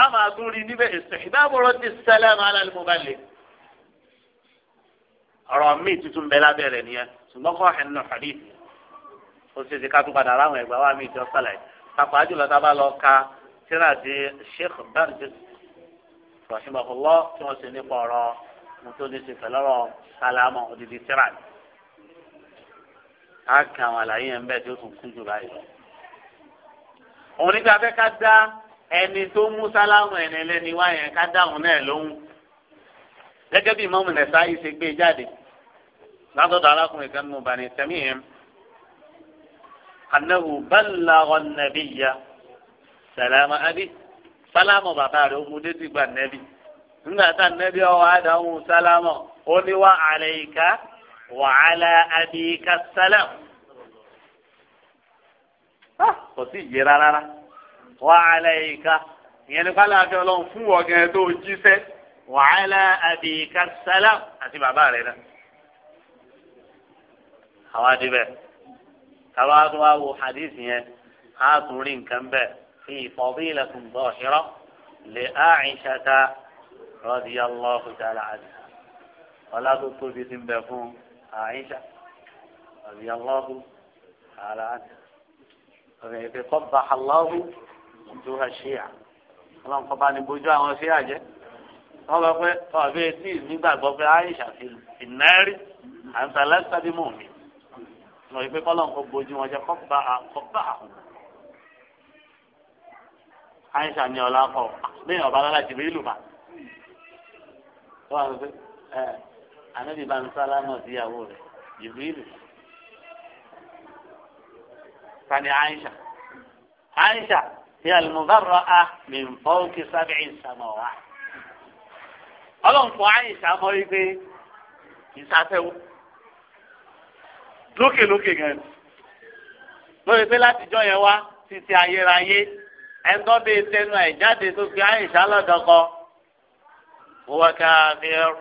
a máa tún rí níbẹ̀ istihbab raddi salam ala al-muballigh ọ̀rọ̀ míì tuntun bẹ́ẹ̀ lábẹ́rẹ̀ nìyẹn ṣùgbọ́n kọ́ ẹ̀ nù hadith yẹn ó ṣe ṣe ká tún padà láwọn ẹ̀gbá wa míì tí ó pàápàá jùlọ tá a bá lọ ka tírà di sheikh barjis rahimahullah tí wọ́n ṣe nípa ọ̀rọ̀ nítorí ṣe pẹ̀lú ọ̀rọ̀ sálámà odidi tírà ni. a kàn àwọn àlàyé yẹn bẹ́ẹ̀ tí ó tún kú jù báyìí lọ. òun nígbà fẹ́ ká dá ẹni tó mú sálámà ẹni lẹ́ni wá yẹn ká dá òun náà lóhùn. gẹ́gẹ́ bí mọ́mù nẹ̀sà yìí ṣe gbé e jáde látọ̀dọ̀ arákùnrin kan nù bani tẹ̀mí yẹn anahu balagha nabiya salama abi salamu bàbá rẹ ó mú dédì gba nẹbi nígbà tá nẹbi ọwọ àdáhùn salamu ó ní wà àlẹyìká wà àlẹ àbíyíká salam kò sí yé rárá wà àlẹyìká ìyẹn ní kálá àfi ọlọ́run fún ọ̀gẹ̀ tó jíṣẹ́ wà àlẹ àbíyíká salam àti bàbá rẹ náà àwọn adìbẹ kàwá tó wá wo hadith yẹn á tún rí nǹkan bẹ́ẹ̀ fi fadilatun zahira li Aishata radiyallahu ta'ala anha ọlá tó tóbi ti ń bẹ fún Aisha radiyallahu ta'ala anha ọ̀rẹ́ ìfẹ́ kọ́ bá aláwọ̀ tó ha ṣíà ọlọ́run kọ́ bá ní bójú àwọn ṣíà jẹ́ Aisha fi náírì àǹtà lẹ́sàbí mọ̀ lọ ìpè kọ́lọ̀ kó bójú wọn jẹ kọ́ bá a kọ́ bá a. àyíṣà ni ọ̀la kọ lẹ́yìn ọ̀bá lọ́la jìbìrì lù mà. tó wà lóṣù ẹ ànábì bá ń sálá náà síyàwó rẹ jìbìrì lù. sani àyíṣà àyíṣà hiya al-mubarra'a min fawqi sab'i samawat. ọlọ́run fún àyíṣà mọ́ wípé ìsáfẹ́wò lókè lókè gan lórí pé látijọ́ yẹn wá títí ayérayé ẹ̀ńtọ́ bíi tẹnu ẹ̀ jáde tó fi àyìnṣá lọ́dọ̀kọ wọ́n wá ká fẹ́ẹ́rù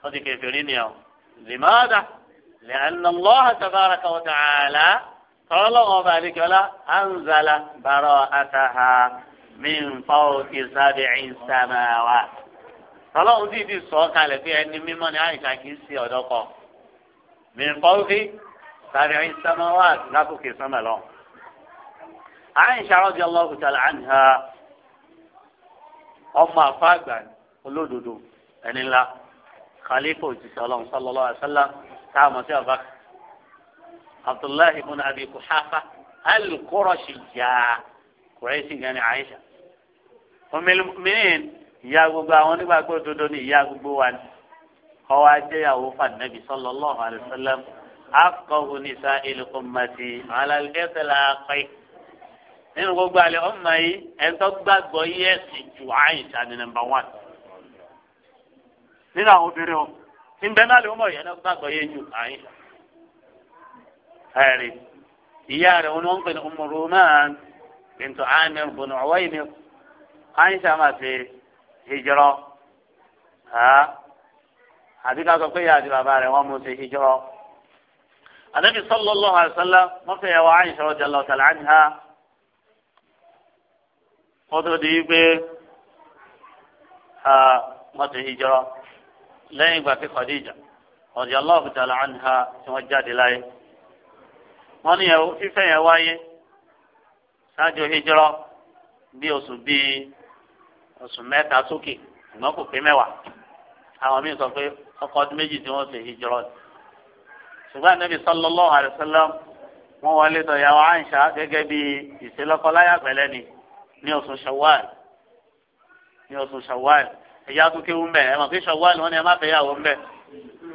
wọ́n ti kẹfìrí ni ọ́ lèmọ́dà lẹ́nu lọ́hà tàbára kàwọ́ tààlà tọ́lọ́wọ́ ọba àdìgbọ́lá ànzàlà bàrọ̀ àtàhà min fawqi sab'i samawat tọ́lọ́wọ́ ti di sọ́ọ́ kalẹ̀ pé ẹni mímọ́ ni àyìnṣá kì í sí ọ̀dọ́kọ̀ọ́ min fawqi sabi'i samawat látòkè sánmà lọ. Aisha radiyallahu ta'ala anha ọmọ àfáàgbà olódodo ẹni ńlá khalifa òjijì ọlọ́run sallallahu alaihi wasallam tá a mọ̀ sí ọba abdullahi ibn abi kuhafa alukoroshi ya kureshi gani Aisha. ọmọ mílíọ̀nù ìyá gbogbo àwọn onígbàgbọ́ òdodo ni ìyá gbogbo wa ni ọwọ́ ajẹ́yàwó fànẹ́bí sallallahu alaihi wasallam akọ̀wé nìsa ìlùkùnmọ̀tì alàlẹ́sẹ̀lá pẹ́. nínú gbogbo àlẹ́ ọmọ yìí ẹ̀ńtọ́ gbàgbọ́ yẹ́sì ju àyíṣà ní nàmbà wán. nínú àwọn obìnrin o níbẹ̀ náà lè wọ́n yẹn náà gbàgbọ́ yẹ́ ju àyíṣà. ẹ̀rí ìyá rẹ̀ wọn ń pè ní Ummu Ruman bintu Amir bin Uwaymir àyíṣà máa fi hijrọ́ àti ká sọ pé ìyá àti bàbá rẹ̀ wọ́n mú sí hijrọ́. Ànábì sallallahu alaihi wasallam wọ́n fẹ́ yà wá Àìṣà radiyallahu ta'ala anha. wọ́n tó di pé wọ́n ti hijrọ́ lẹ́yìn ìgbà tí Khadija radiyallahu ta'ala anha tí wọ́n jáde láyé. wọ́n ní fífẹ́ yẹn wáyé ṣáájú hijrọ́ bí oṣù bíi oṣù mẹ́ta sókè ìgbọ́n mẹ́wàá àwọn míì sọ pé ọkọ ọdún méjì tí wọ́n ṣe hijrọ ṣùgbọ́n anabi sallallahu alayhi wa sallam wọ́n wọlé tọ̀ yàwó àǹṣà gẹ́gẹ́ bí ìṣelọ́kọláyà pẹ̀lẹ́ ni ní oṣù shawwal ní oṣù shawwal ẹ̀yà tó kéwú mbẹ ẹ̀ mọ̀ pé shawwal wọ́n ní ẹ má fẹ́ yàwó mbẹ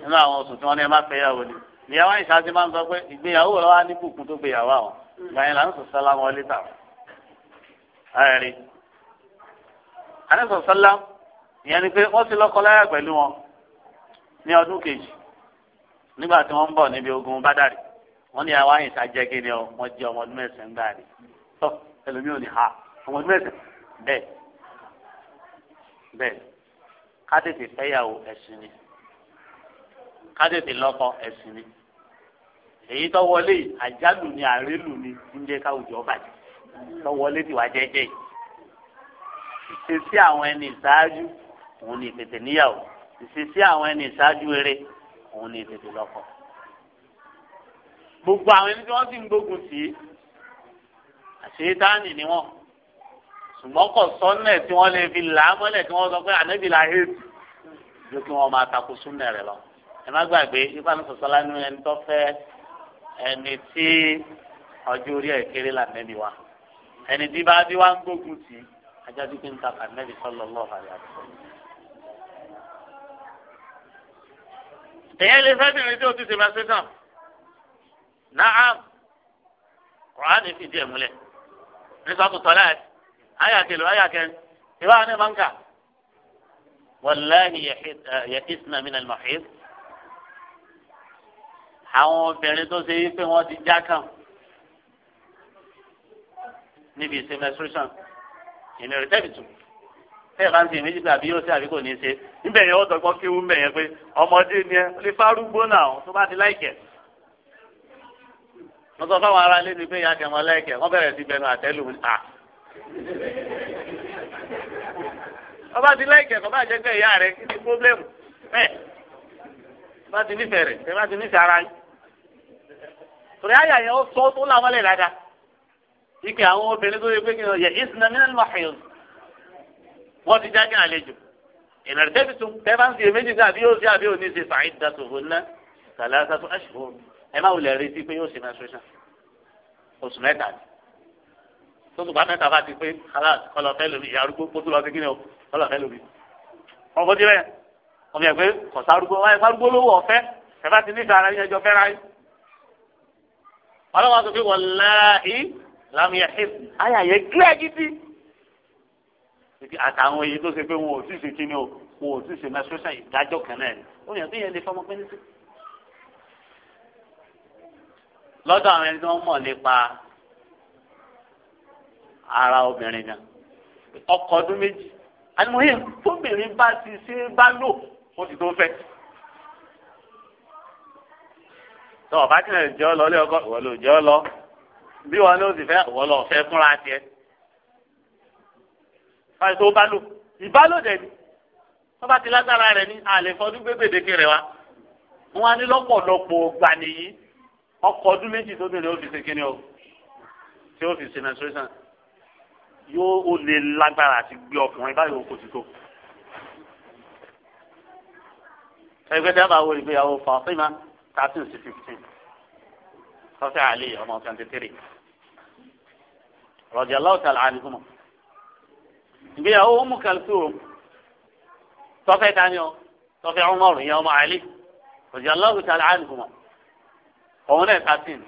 nínú àwọn oṣù tí wọ́n ní ẹ má fẹ́ yàwó ni ìyàwó àǹṣà ti máa ń sọ pé ìgbéyàwó rẹ wá ní bùkún tó gbéyàwó àwọn gbàyẹn là ń sọ sọlá wọn lé tàwọn ààrẹ àníṣọ ìyẹn ni pé wọ́n ti lọ́kọ ní ọdún kejì nígbà tí wọ́n ń bọ̀ níbi ogun bádàrí wọ́n ní àwa àyìnsá jẹ́ kí ni ọ wọ́n ọmọ ọdún mẹ́sàn-án gbà rí tọ́ ẹlòmíràn ní ha ọmọ ọdún mẹ́sàn-án bẹ́ẹ̀ bẹ́ẹ̀ ká tètè fẹ́yàwó ni ká tètè lọ́kọ ni èyí tó wọlé àjálù ni àrélù ni ń káwùjọ bàjẹ́ tó wọlé tìwà jẹ́jẹ́ ìṣesí àwọn ẹni ìṣáájú òun ni ìpètè níyàwó ìṣesí àwọn ẹni ìṣáájú eré òun ni tètè lọkọ gbogbo àwọn ẹni tí wọn sì ń gbógun tì í àṣetáàní ni wọn ṣùgbọ́n kò sọ́nà tí wọ́n lè fi là á mọ́lẹ̀ tí wọ́n sọ pé ànábì là hẹ́ẹ̀tì ju kí wọ́n máa takò súnà rẹ̀ lọ ẹ má gbàgbé nípa ní sọ̀sọ́lá ní ẹni tó fẹ́ ẹni tí ọjọ́ orí ẹ̀ kéré là nẹ́bi wa ẹni tí bá bí wá ń gbógun tì í ajá sí pé ń takà nẹ́bi sallallahu alaihi wasallam. èyàn lè fẹ́bìnrin tí o ti sèbà sẹ́sàn náà kùránì fìdí ẹ̀ múlẹ̀ nígbà tó tọ́lá ẹ̀ ayà kẹlò ayà kẹ ìwà ni máa ń kà wàláhi yẹ̀kísínà mí nàlẹ́ màhìí àwọn obìnrin tó ṣe wípé wọ́n ti já kàn níbi ìsinmi ẹ̀sùn sàn ìmìrìtẹ́bìtì. ẹ bá ń ṣe méjì tàbí yóò ṣe àbí kò ní ṣe níbẹ̀ yẹn ó dọ́gbọ́n kéwú ń bẹ̀ yẹn pé ọmọdé ni ẹ lè fárúgbó náà tó bá ti láìkẹ̀. wọ́n sọ fáwọn ará lẹ́nu pé ìyá kẹmọ láìkẹ̀ wọ́n bẹ̀rẹ̀ sí bẹnu àtẹ́lù à. ọba ti láìkẹ̀ kọ́ bá jẹ́ pé ìyá rẹ̀ kí ni pọ́blẹ́mù bẹ́ẹ̀ bá ti nífẹ̀ẹ́ rẹ̀ bẹ́ẹ̀ bá ti nífẹ̀ẹ́ ara yín. torí àyà yẹn ó sọ wọ́n ti jáde àlejò ìrìnàjò tẹ́bi tún tẹ́ bá ń fi èméjì sí àbí yóò sí àbí yóò ní ṣe fàáyì dàtò fún ná kàlá sàtò àṣùwò ẹ má wulẹ̀ retí pé yóò ṣe menstruation oṣù mẹ́ta ni tó tùgbà mẹ́ta bá ti pé kàlá kọlọ̀fẹ́ lómi ìyá arúgbó kó tó lọ sí kí ni o kọlọ̀fẹ́ lómi. wọn kò tirẹ̀ ọmọ ẹgbẹ́ kọ̀sá arúgbó wáyé arúgbó lówó ọ̀fẹ́ ẹ bá ti ní ìta ara yín ẹjọ́ ọlọ́wọ́ àtàwọn èyí tó ṣe pé wọn ò sì ṣe kíni o wọn ò sì ṣe mẹsọ́sán ìdájọ́ kan náà ni ó yàn tó yẹn lè fọmọ pé ní sí. lọ́dọ̀ àwọn ẹni tí wọ́n mọ̀ nípa ara obìnrin náà ọkọ ọdún méjì àdìmọ̀yé tóbìnrin bá ti ṣe bá lò ó ti tó fẹ́. tọ́ ọ̀bá tí wọ́n jẹ́ ọ lọ lé ọkọ ìwọ jẹ́ ọ lọ bí wọn ló sì fẹ́ ìwọ lọ fúnra tiẹ̀ báyìí tó bá lò ìbálò dẹ̀ ni wọ́n bá ti lágbára rẹ̀ ní àlè fọdún gbé gbèdéke rẹ̀ wá wọ́n á ní lọ́pọ̀lọpọ̀ gbà nìyí ọkọ̀ ọdún méjì tó bẹ̀rẹ̀ ó fi ṣe kíni o tí ó fi ṣe menstruation yóò ó lè lágbára àti gbé ọkùnrin báyìí ó kò ti tó. ẹgbẹ́ tí a bá wo ìgbéyàwó Fatima thirteen sí fifteen sọ́sẹ́ àlè ọmọ twenty three rọ̀jà lọ́ọ̀tà làánìkùmọ̀ ìgbéyàwó Umm Kalthum tọ́fẹ́ dání o tọ́fẹ́ Umar ìyá ọmọ àlè radiyallahu ta'ala anhuma òun náà kàtìn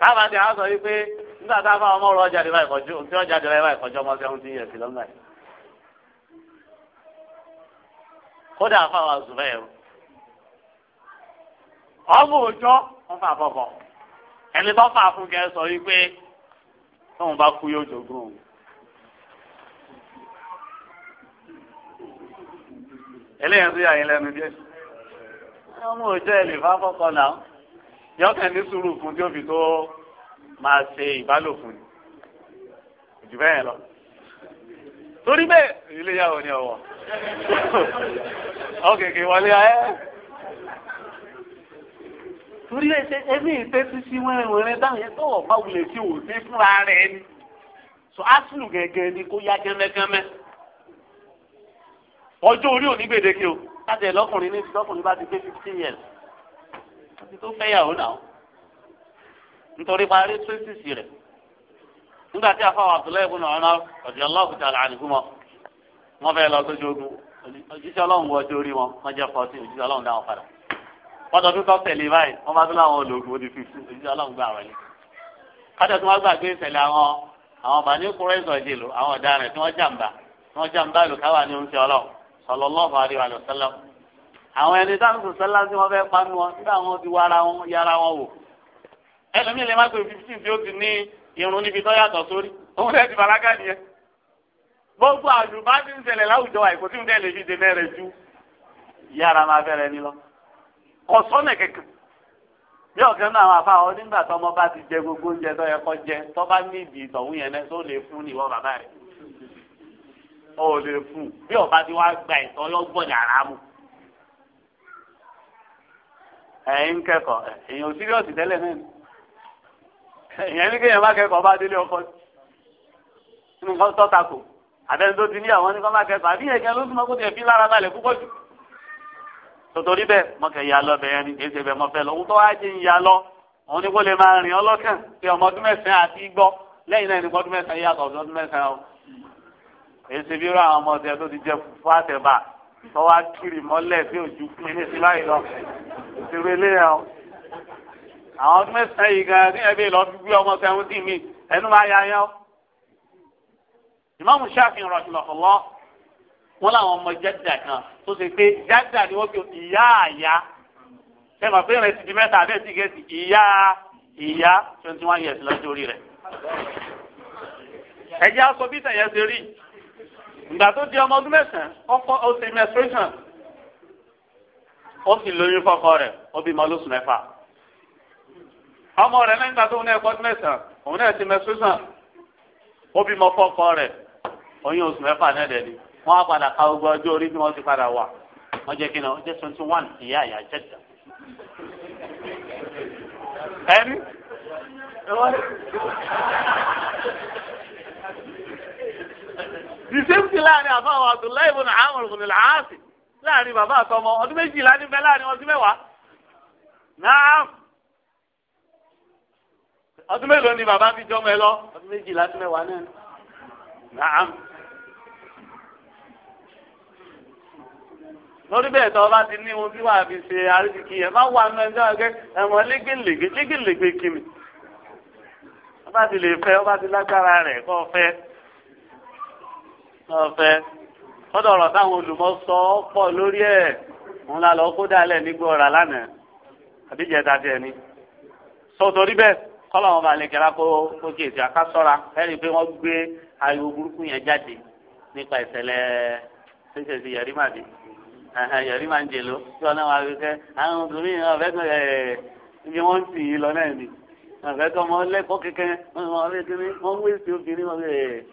káàbà tí a sọ yìí pé nígbà tá a fà ọmọ ọ̀rọ̀ jáde báyìí kọjú tí wọ́n jáde báyìí kọjú ọmọ sẹ́wọ́n ti yẹ sí lọ́nà yìí. kódà fáwọn àzùbẹ́ yẹn ọmọ òjọ́ wọ́n fà bọ̀bọ̀ ẹni bá fà fún kẹ́ sọ yìí pé tóun bá kú yóò jogún òun. eléyìí tó yà yín lẹ́nu díẹ̀ ọmọ òjọ́ ẹ̀ lè fà fọ́kọ náà yọkàn ní sùúrù fún tí ó fi tó máa ṣe ìbálò fún ni jù bẹ́ẹ̀ lọ torí bẹ́ẹ̀ iléyàwó ni ọ̀wọ́ ọ̀kèké wọlé ayé torí ẹsẹ ẹmí ìtẹ́tí sí wẹ́rẹ́wẹ́rẹ́ dáhùn yẹn tọ̀wọ̀ báwo lè fi òde fúnra rẹ̀ ni so asinu gẹ́gẹ́ ni kó yá kẹ́mẹ́kẹ́mẹ́ ọjọ́ orí ò ní gbèdéke o láti ẹ̀ lọ́kùnrin ní ìdílọ́kùnrin bá ti gbé fifteen years àti tó fẹ́yàwó náà nítorí parí twenty rẹ̀ nígbà tí afáwọn Abdullahi ibùnà ọ̀nà ọ̀dẹ̀ ọlọ́ọ̀kú tààlà àníkúmọ̀ wọ́n fẹ́ lọ sójú ogun òjíṣẹ́ ọlọ́run wọ ọjọ́ orí wọn wọ́n jẹ́ fourteen òjíṣẹ́ ọlọ́run dáhùn padà wọ́n tọdún tó tẹ̀lé báyìí wọ́n bá tún láwọn ológun ó di fifteen òjíṣẹ́ ọlọ́run gbà wọlé kájọ tí wọ́n gbàgbé ìṣẹ̀lẹ̀ àwọn àwọn bàní kúrẹ́sọ̀ sallallahu alaihi wa sallam àwọn ẹni táwọn sọ sọlá tí wọn fẹ́ panu wọn nígbà wọn ti wára wọn yára wọn wò ẹlòmíì lè má pé fifteen tí ó ti ní irun níbi tó yàtọ̀ sórí òun lè ti balaga nìyẹn gbogbo àdùbá ti ń ṣẹlẹ̀ láwùjọ àìkú tí mo tẹ lè fi dè mẹrẹ ju yára máa fẹrẹ ní lọ ọsọnà kẹ̀kẹ́ bí ọkàn náà àwọn afáwọn nígbà tọmọ bá ti jẹ gbogbo oúnjẹ tó yẹ kó jẹ tó bá ní ìdí ìtọ̀hún yẹn náà tó lè fún ní ìwọ bàbá rẹ ọ ò lè fún un bí ọba ti wá gba ìtọ́ yọ gbọ́ yàrá mu. ẹ̀yin kẹ́kọ̀ọ́ èèyàn sírìọ́sì tẹ́lẹ̀ náà ni èèyàn ní kéèyàn má kẹ́kọ̀ọ́ bá délé ọkọ nǹkan tọ́ta kò àbẹ́ni tó ti ní àwọn nǹkan má kẹ́kọ̀ọ́ àbí ẹ̀kẹ́ ló súnmọ́ kó tiẹ̀ fi lára balẹ̀ púpọ̀ jù. tòtòrí bẹ́ẹ̀ mọ̀kẹ́ ya lọ bẹ̀yẹn ni kì í ṣe bẹ́ẹ̀ mọ̀fẹ́ lọ ohun tó wá jẹ́ ń ya lọ òun ni kó lè máa rìn ọlọ́kàn pé ọmọ ọdún mẹ́sàn-án àti igbó lẹ́yìn náà ni ọdún mẹ́sàn-án yàtọ̀ ọdún mẹ́sàn-án èyí ṣe bí irú àwọn ọmọ ọ̀sẹ̀ tó ti jẹ fúfú àtẹ̀bà tó wá kiri mọ́lẹ̀ tí òjú pín ní sí báyìí lọ ìṣirò eléyà o. àwọn ọdún mẹ́sàn-án yìí gan ní ẹbí lọ fi gbé ọmọ sẹ́wọ́ntì mi ẹnu máa ya yẹn o. ìmáàmù Ṣáfi'í rahimahullah wọn làwọn ọmọ jáde kan tó ṣe pé jáde ni wọ́n fi ìyá àyà ṣe mọ̀ pé ìrẹsì di mẹ́ta àbẹ́ sì gẹ̀ẹ́sì ìyá ìyá twenty one years lọ́jọ́ orí rẹ̀. ẹ̀jẹ̀ aṣọ bí tẹ̀yẹ ṣe rí ìgbà tó di ọmọ ọdún mẹ́sàn-án ọkọ ọsẹ menstruation ó sì lóyún fọ́kọ rẹ̀ ó bímọ lóṣù mẹ́fà ọmọ rẹ̀ lẹ́yìn ìgbà tó ń ẹ̀kọ́ ọdún mẹ́sàn-án òun náà ti menstruation ó bímọ fọ́kọ rẹ̀ oyún oṣù mẹ́fà náà dẹ̀ one ìsèǹtì láàrin àbá àwọn Abdullahi ibùn Amr ibùn al-Aasi láàrin bàbá àtọmọ ọdún méjìlá níbẹ̀ láàrin ọdún mẹ́wàá náà ọdún mélòó ni bàbá fi jọmọ ẹ lọ ọdún méjìlá sí mẹ́wàá náà náà. lórí bẹ́ẹ̀ tó o bá ti ní ohun tí wàá fi ṣe àríṣìkì ẹ̀ máa wà nínú ẹjọ́ ẹgbẹ́ ẹ̀wọ̀n légbèlégbè légbèlégbè kìnnì. ọba ti lè fẹ́ ọba ti lágbára rẹ̀ kọ́ fẹ́ ọ̀fẹ́ kọ́dọ̀ ọ̀rọ̀ táwọn olùmọ̀ sọ pọ̀ lórí ẹ̀ òun la lọ kó dálẹ̀ nígbà ọ̀rà lánàá àbíjẹ́ ta tiẹ̀ ni. sọ torí bẹ́ẹ̀ kọ́lọ̀ wọn bá lè kẹ́ra kó kó kí èsì àkásọ́ra ẹni pé wọ́n gbé ariwo burúkú yẹn jáde nípa ìṣẹ̀lẹ̀ ṣíṣèṣì yẹ̀rìmàdì yẹ̀rìmàdì ló tí wọn náà wá wípé àwọn obìnrin náà fẹ́ ibi wọ́n ń tì í lọ náà ni àfẹ́kọ́ ọmọ lẹ́kọ̀ọ́ kékeré wọ́n ń wé sí obìnrin wọn bẹ́ẹ̀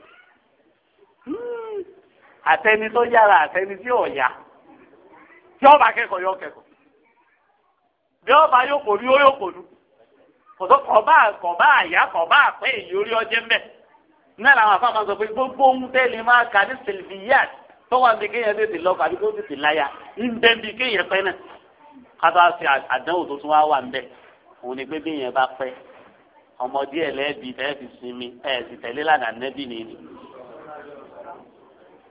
àtẹni tó yára àtẹni tí ò yá tí ọba kẹ́kọ̀ọ́ yọ kẹ́kọ̀ọ́ bí ọba yóò kò ní ó yóò kò ní kò tó kọba kọba àyà kọba àpẹ èyí orí ọjẹ mbẹ náà làwọn afáàmà sọ pé gbogbo ohun tẹ́lẹ̀ máa kà ní sylviat tó wà ní kéèyàn tètè lọ́kọ̀ àbí tó tètè láyà ń bẹ́ bí kéèyàn pẹ́ náà kátó àti àdánwò tó tún wá wà mbẹ òun ni pé bí èèyàn bá pẹ́ ọmọdé ẹ̀ lẹ́ẹ̀bi tẹ́ẹ̀ fi sinmi ẹ̀ sì tẹ̀lé lànà nẹ́bì nìyí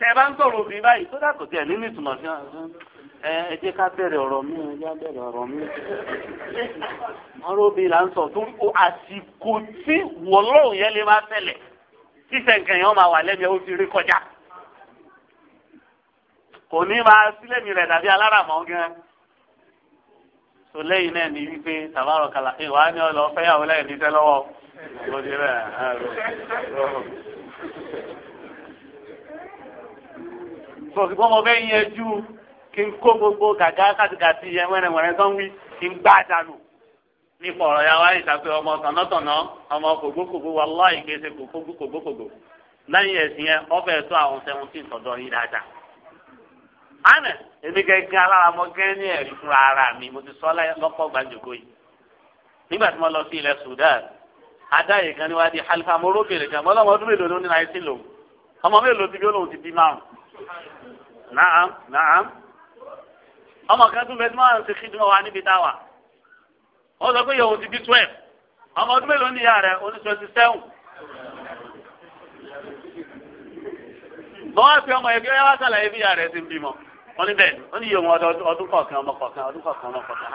tẹ bá ń sọ̀rọ̀ òbí báyìí tó dàtọ̀ tiẹ̀ nínú ìtumọ̀ sí ẹ ẹ jẹ́ ká bẹ̀rẹ̀ ọ̀rọ̀ mi ẹ jẹ́ bẹ̀rẹ̀ ọ̀rọ̀ mi. ọ̀rọ̀ obì là ń sọ tó àsìkò tí wọ́lọ́run yẹn lè máa tẹ̀lẹ̀ tí sẹ̀ǹkẹ̀ yẹn máa wà lẹ́mìí ó ti rí kọjá. kò ní máa sílẹ̀mì rẹ̀ dàbí aláràmọ́ gan. tó náà ní wípé tàbárọ̀ kàlà ẹ wàá ní lẹ́yìn níṣẹ́ lọ́wọ́ sọ̀rọ̀ kí ọmọ bẹ́ẹ̀ yẹn ju kí n kó gbogbo gàgá kàtìkàtì yẹn wẹ́rẹ̀wẹ̀rẹ̀ tó ń wí kí n gbá àdánù. nípa ọ̀rọ̀ ya wáyé ìsàpè ọmọ tọ̀nọ́tọ̀nọ́ ọmọ kògbókògbó wà láì gbèsè kògbókògbó lẹ́yìn ẹ̀sìn yẹn ọbẹ̀ tó àwọn seventeen tọ̀dọ̀ yín dáadáa. àná èmi gẹ́gẹ́ alára mọ gẹ́gẹ́ ní ẹ̀rí fúnra ara mi mo ti sọ lọ́pọ̀ gbàǹjòkó yìí. nígbà naam naam ọmọ kan tún bẹ tí wọn ṣe kíndùn wa níbi táwa wọn sọ pé yòówù ti bí twelve ọmọ ọdún mélòó ni ìyá rẹ oní twenty seven mọ wá fi ọmọ ẹgbẹ́ wá sàlàyé bí ìyá rẹ ti ń bímọ wọn ní bẹ́ẹ̀ wọn ní yòówù ọdún kọ̀ọ̀kan ọmọ kọ̀ọ̀kan ọdún kọ̀ọ̀kan ọmọ kọ̀ọ̀kan.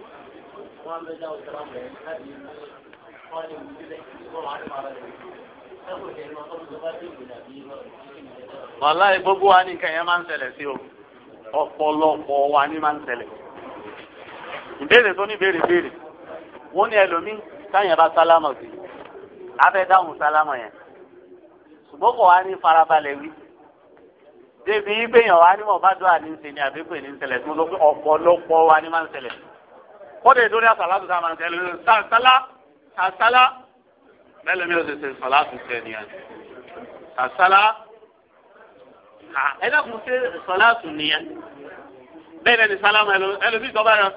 wọn bẹ dá òṣèlú àmọ́ ẹ̀ láti ní wọn ní ìdílé wọn wà ní màá rẹ̀ wàláì gbogbo wa ní kẹyẹ máa ń ṣẹlẹ̀ sí o ọ̀pọ̀lọpọ̀ wa ní máa ń ṣẹlẹ̀ ìbéèrè tó ní béèrè béèrè wọ́n ní ẹlòmíín táyẹn bá sálámà sí abẹ dáhùn sálámà yẹn ṣùgbọ́n kò wá ní farabalẹ̀ wí débi ìgbéyàn wa ní mọ̀ bá dùn àní ni àbí pè ní ń ṣẹlẹ̀ tí lọ pé ọ̀pọ̀lọpọ̀ wa ní máa ń ṣẹlẹ̀ kọ́dé ìdórí àsàlátù tá a máa ń tẹ̀lé sàṣálá sàṣálá bẹ́ẹ̀ lómi ò sì ṣe sọ̀láàtù tẹ̀ nìyẹn sàṣálá ẹ dákun ṣe sọ̀láàtù nìyẹn bẹ́ẹ̀ lẹ́ni sálámù ẹlòmí ìjọba yẹn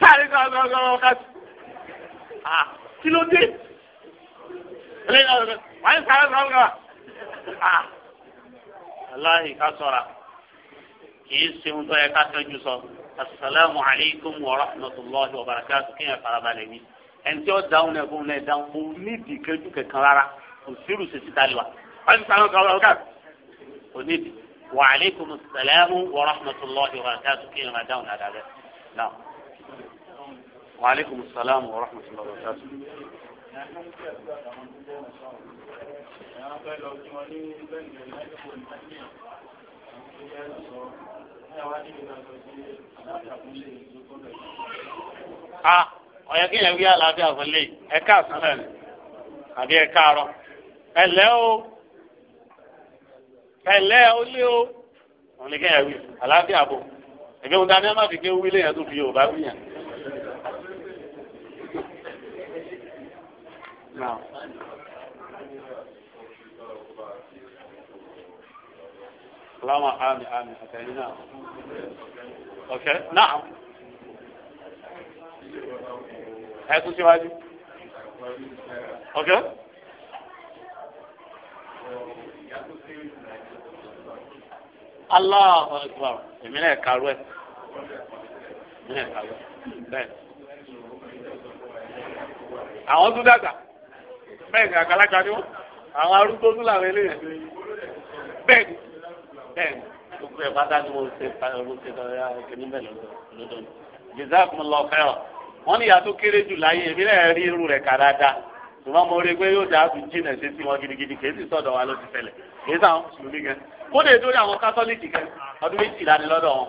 sáré gbọ́dọ̀ ká kí ló dé lẹ́yìn ọ̀rẹ́ wáyé sáré gbọ́dọ̀ aláhi ká sọ̀ra kì í ṣe ohun tó yẹ ká tẹ́jú sọ asalaamu aleykum wa rahmatulahi wa barakatu kí n farabalẹ̀ mi ẹni tí ó dáhùn náà fún náà dáhùn fún nídìí kẹjú kankan rárá kò sírù sèṣì tá a lè wa wọn ti sàrán kan lọ́wọ́ káàkiri kò nídìí wa aleykum salaamu wa rahmatulahi wa barakatu kí n dáhùn náà dáadáa náà wa aleykum salaamu wa rahmatulahi wa barakatu. Thank you a ah, ọ̀yẹ́ kí yẹn wí àlàáfíà fún lè ẹ̀ka àsánlẹ̀ ni àbí ẹ̀ka àárọ̀ ẹ̀lẹ́ o ẹ̀lẹ́ o lé o òun ni kí yẹn wí àlàáfíà bò ẹ̀mí òun dání ẹ̀ má fi ké wí lé tó fi Yorùbá wí yẹn. اللهم آمين آمين أتينا أوكي نعم هاتوا شو هذه أوكي الله أكبر من هيك كاروة من هيك كاروة àwọn tó dàgbà bẹ́ẹ̀ ni àgbàlagbà ni wọn àwọn arúgbó tó làwọn eléyìí bẹ́ẹ̀ ni. ten gbogbo ẹ̀ pátá ni mo ṣe mo ṣe lọ́yà kìíní bẹ́ẹ̀ lọ́dọ̀ jazakumullahu khairan wọ́n ní ìyàtọ̀ kéré jù láyé èmi náà rí irú rẹ̀ kà dáadáa ṣùgbọ́n mo rí i pé yóò dáa fi jìnà ṣe sí wọn gidigidi kì í sì sọ̀dọ̀ wa ló ti fẹlẹ̀ kì í sàwọn mùsùlùmí gan kódà èdè orí àwọn kátólíìkì kan ọdún méjìlá ni lọ́dọ̀ wọn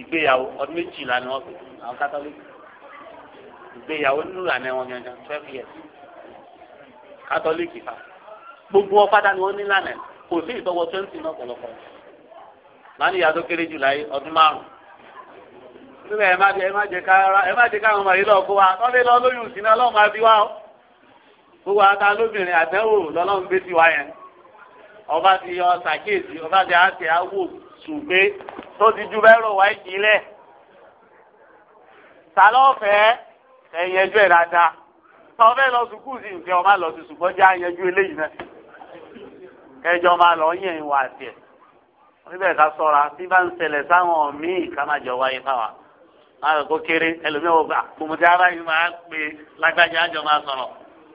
ìgbéyàwó ọdún méjìlá ni wọ́n àwọn kátólíìkì ìgbéyàwó nínú ìlànà wọn gangan twelve years kátólíìkì fa gbogbo wọn fádà ni wọ́n ní lánàá kò sí ìtọ́wọ́ twenty náà pọ̀lọpọ̀ máa ní ìyá kéré jù láyé ọdún márùn síbẹ̀ ẹ má jẹ ẹ má jẹ ká ẹ má jẹ káwọn ọmọ yìí lọ kó wa tọ́lé lọ lóyún sí náà lọ́wọ́ máa bí wá o gbogbo ata lóbìnrin àtẹ́wò lọ́lọ́run gbé sí yẹn ọba ti yọ sàkíyèsí ọba ti àti àwò ṣùgbé tó ti ju bẹ́ẹ̀ rò wáyé kì í lẹ̀ ta ẹ̀yẹ́jú ẹ̀ dáadáa tọ́ lọ sùkúù sí ìfẹ́ ọmọ lọ sí ṣùgbọ́n kẹjọ máa lọ yẹn ìwà àtiẹ̀ níbẹ̀ ká sọ̀ra tí bá ń ṣẹlẹ̀ sáwọn míì ká má jọ wáyé fáwa máa rẹ̀ kó kéré ẹlòmíràn wò gbà gbòmùtí aráyé máa pe lágbájá àjọ máa sọ̀rọ̀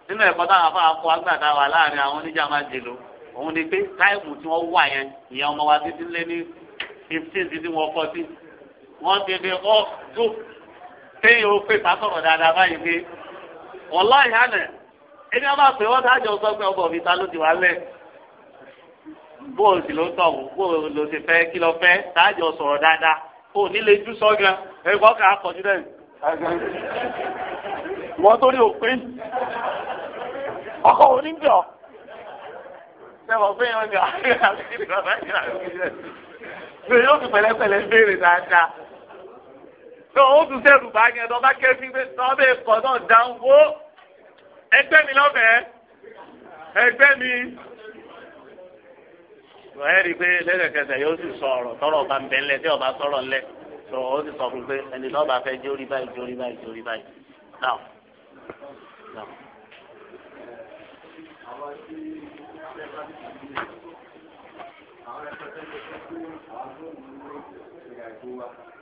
nínú ẹ̀kọ́ táwọn afọ akọ agbàdá wà láàrin àwọn oníjà máa jèlò òun ni pé táìmù tí wọ́n wà yẹn ìyẹn ọmọ wa títí lé ní fifteen títí wọn kọ́ sí wọ́n ti fi ọ́ tó téèyàn ó pè pásọ̀rọ̀ dáadáa báyìí pé wọ́n láì hànà ẹni ọba pé wọ́n tájọ sọ pé ọbọ̀ mi ta ló ti wà lẹ́ẹ̀ bóòlù sì ló ń tọ̀ bóòlù ló ti fẹ́ kí lọ fẹ́ táàjọ sọ̀rọ̀ dáadáa kò ní lè jú sọ́gàn ẹ̀kọ́ kà á kọjú lẹ́yìn. wọ́n tó rí òpin ọkọ̀ oníjọ́ sẹ́wọ̀n pé yẹn ní àgbẹ̀ yóò fi pẹ̀lẹ́pẹ̀lẹ́ béèrè dáadáa. tó o tún sẹ́rù bá yẹn lọ́ba kẹ́sí pé sọ́bẹ̀ kọ́ náà dáhùn wó ẹgbẹ́ mi lọ́fẹ̀ẹ́ ẹgbẹ́ mi ẹ rí i pé lẹ́sẹ̀kẹsẹ̀ yóò sì sọ ọ̀rọ̀ tọrọ ọba ń bẹ ńlẹ̀ tí ọba sọ̀rọ̀ ńlẹ̀ tó o sì sọ fún pé ẹni lọ́ba fẹ́ jórí báyìí jórí báyìí jórí báyìí náà.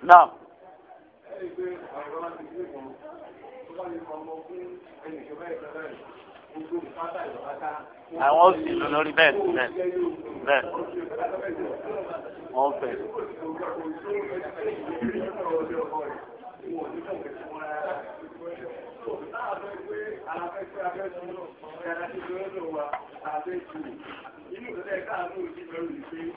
Naam. Ẹ rí i pé àwọn ọba ti gbé kan tó bá lè kọ́ ọmọ fún ẹnì àwọn òsì ló lórí bẹ́ẹ̀ sílẹ̀ bẹ́ẹ̀ wọ́n fẹ́. Inú ìdílé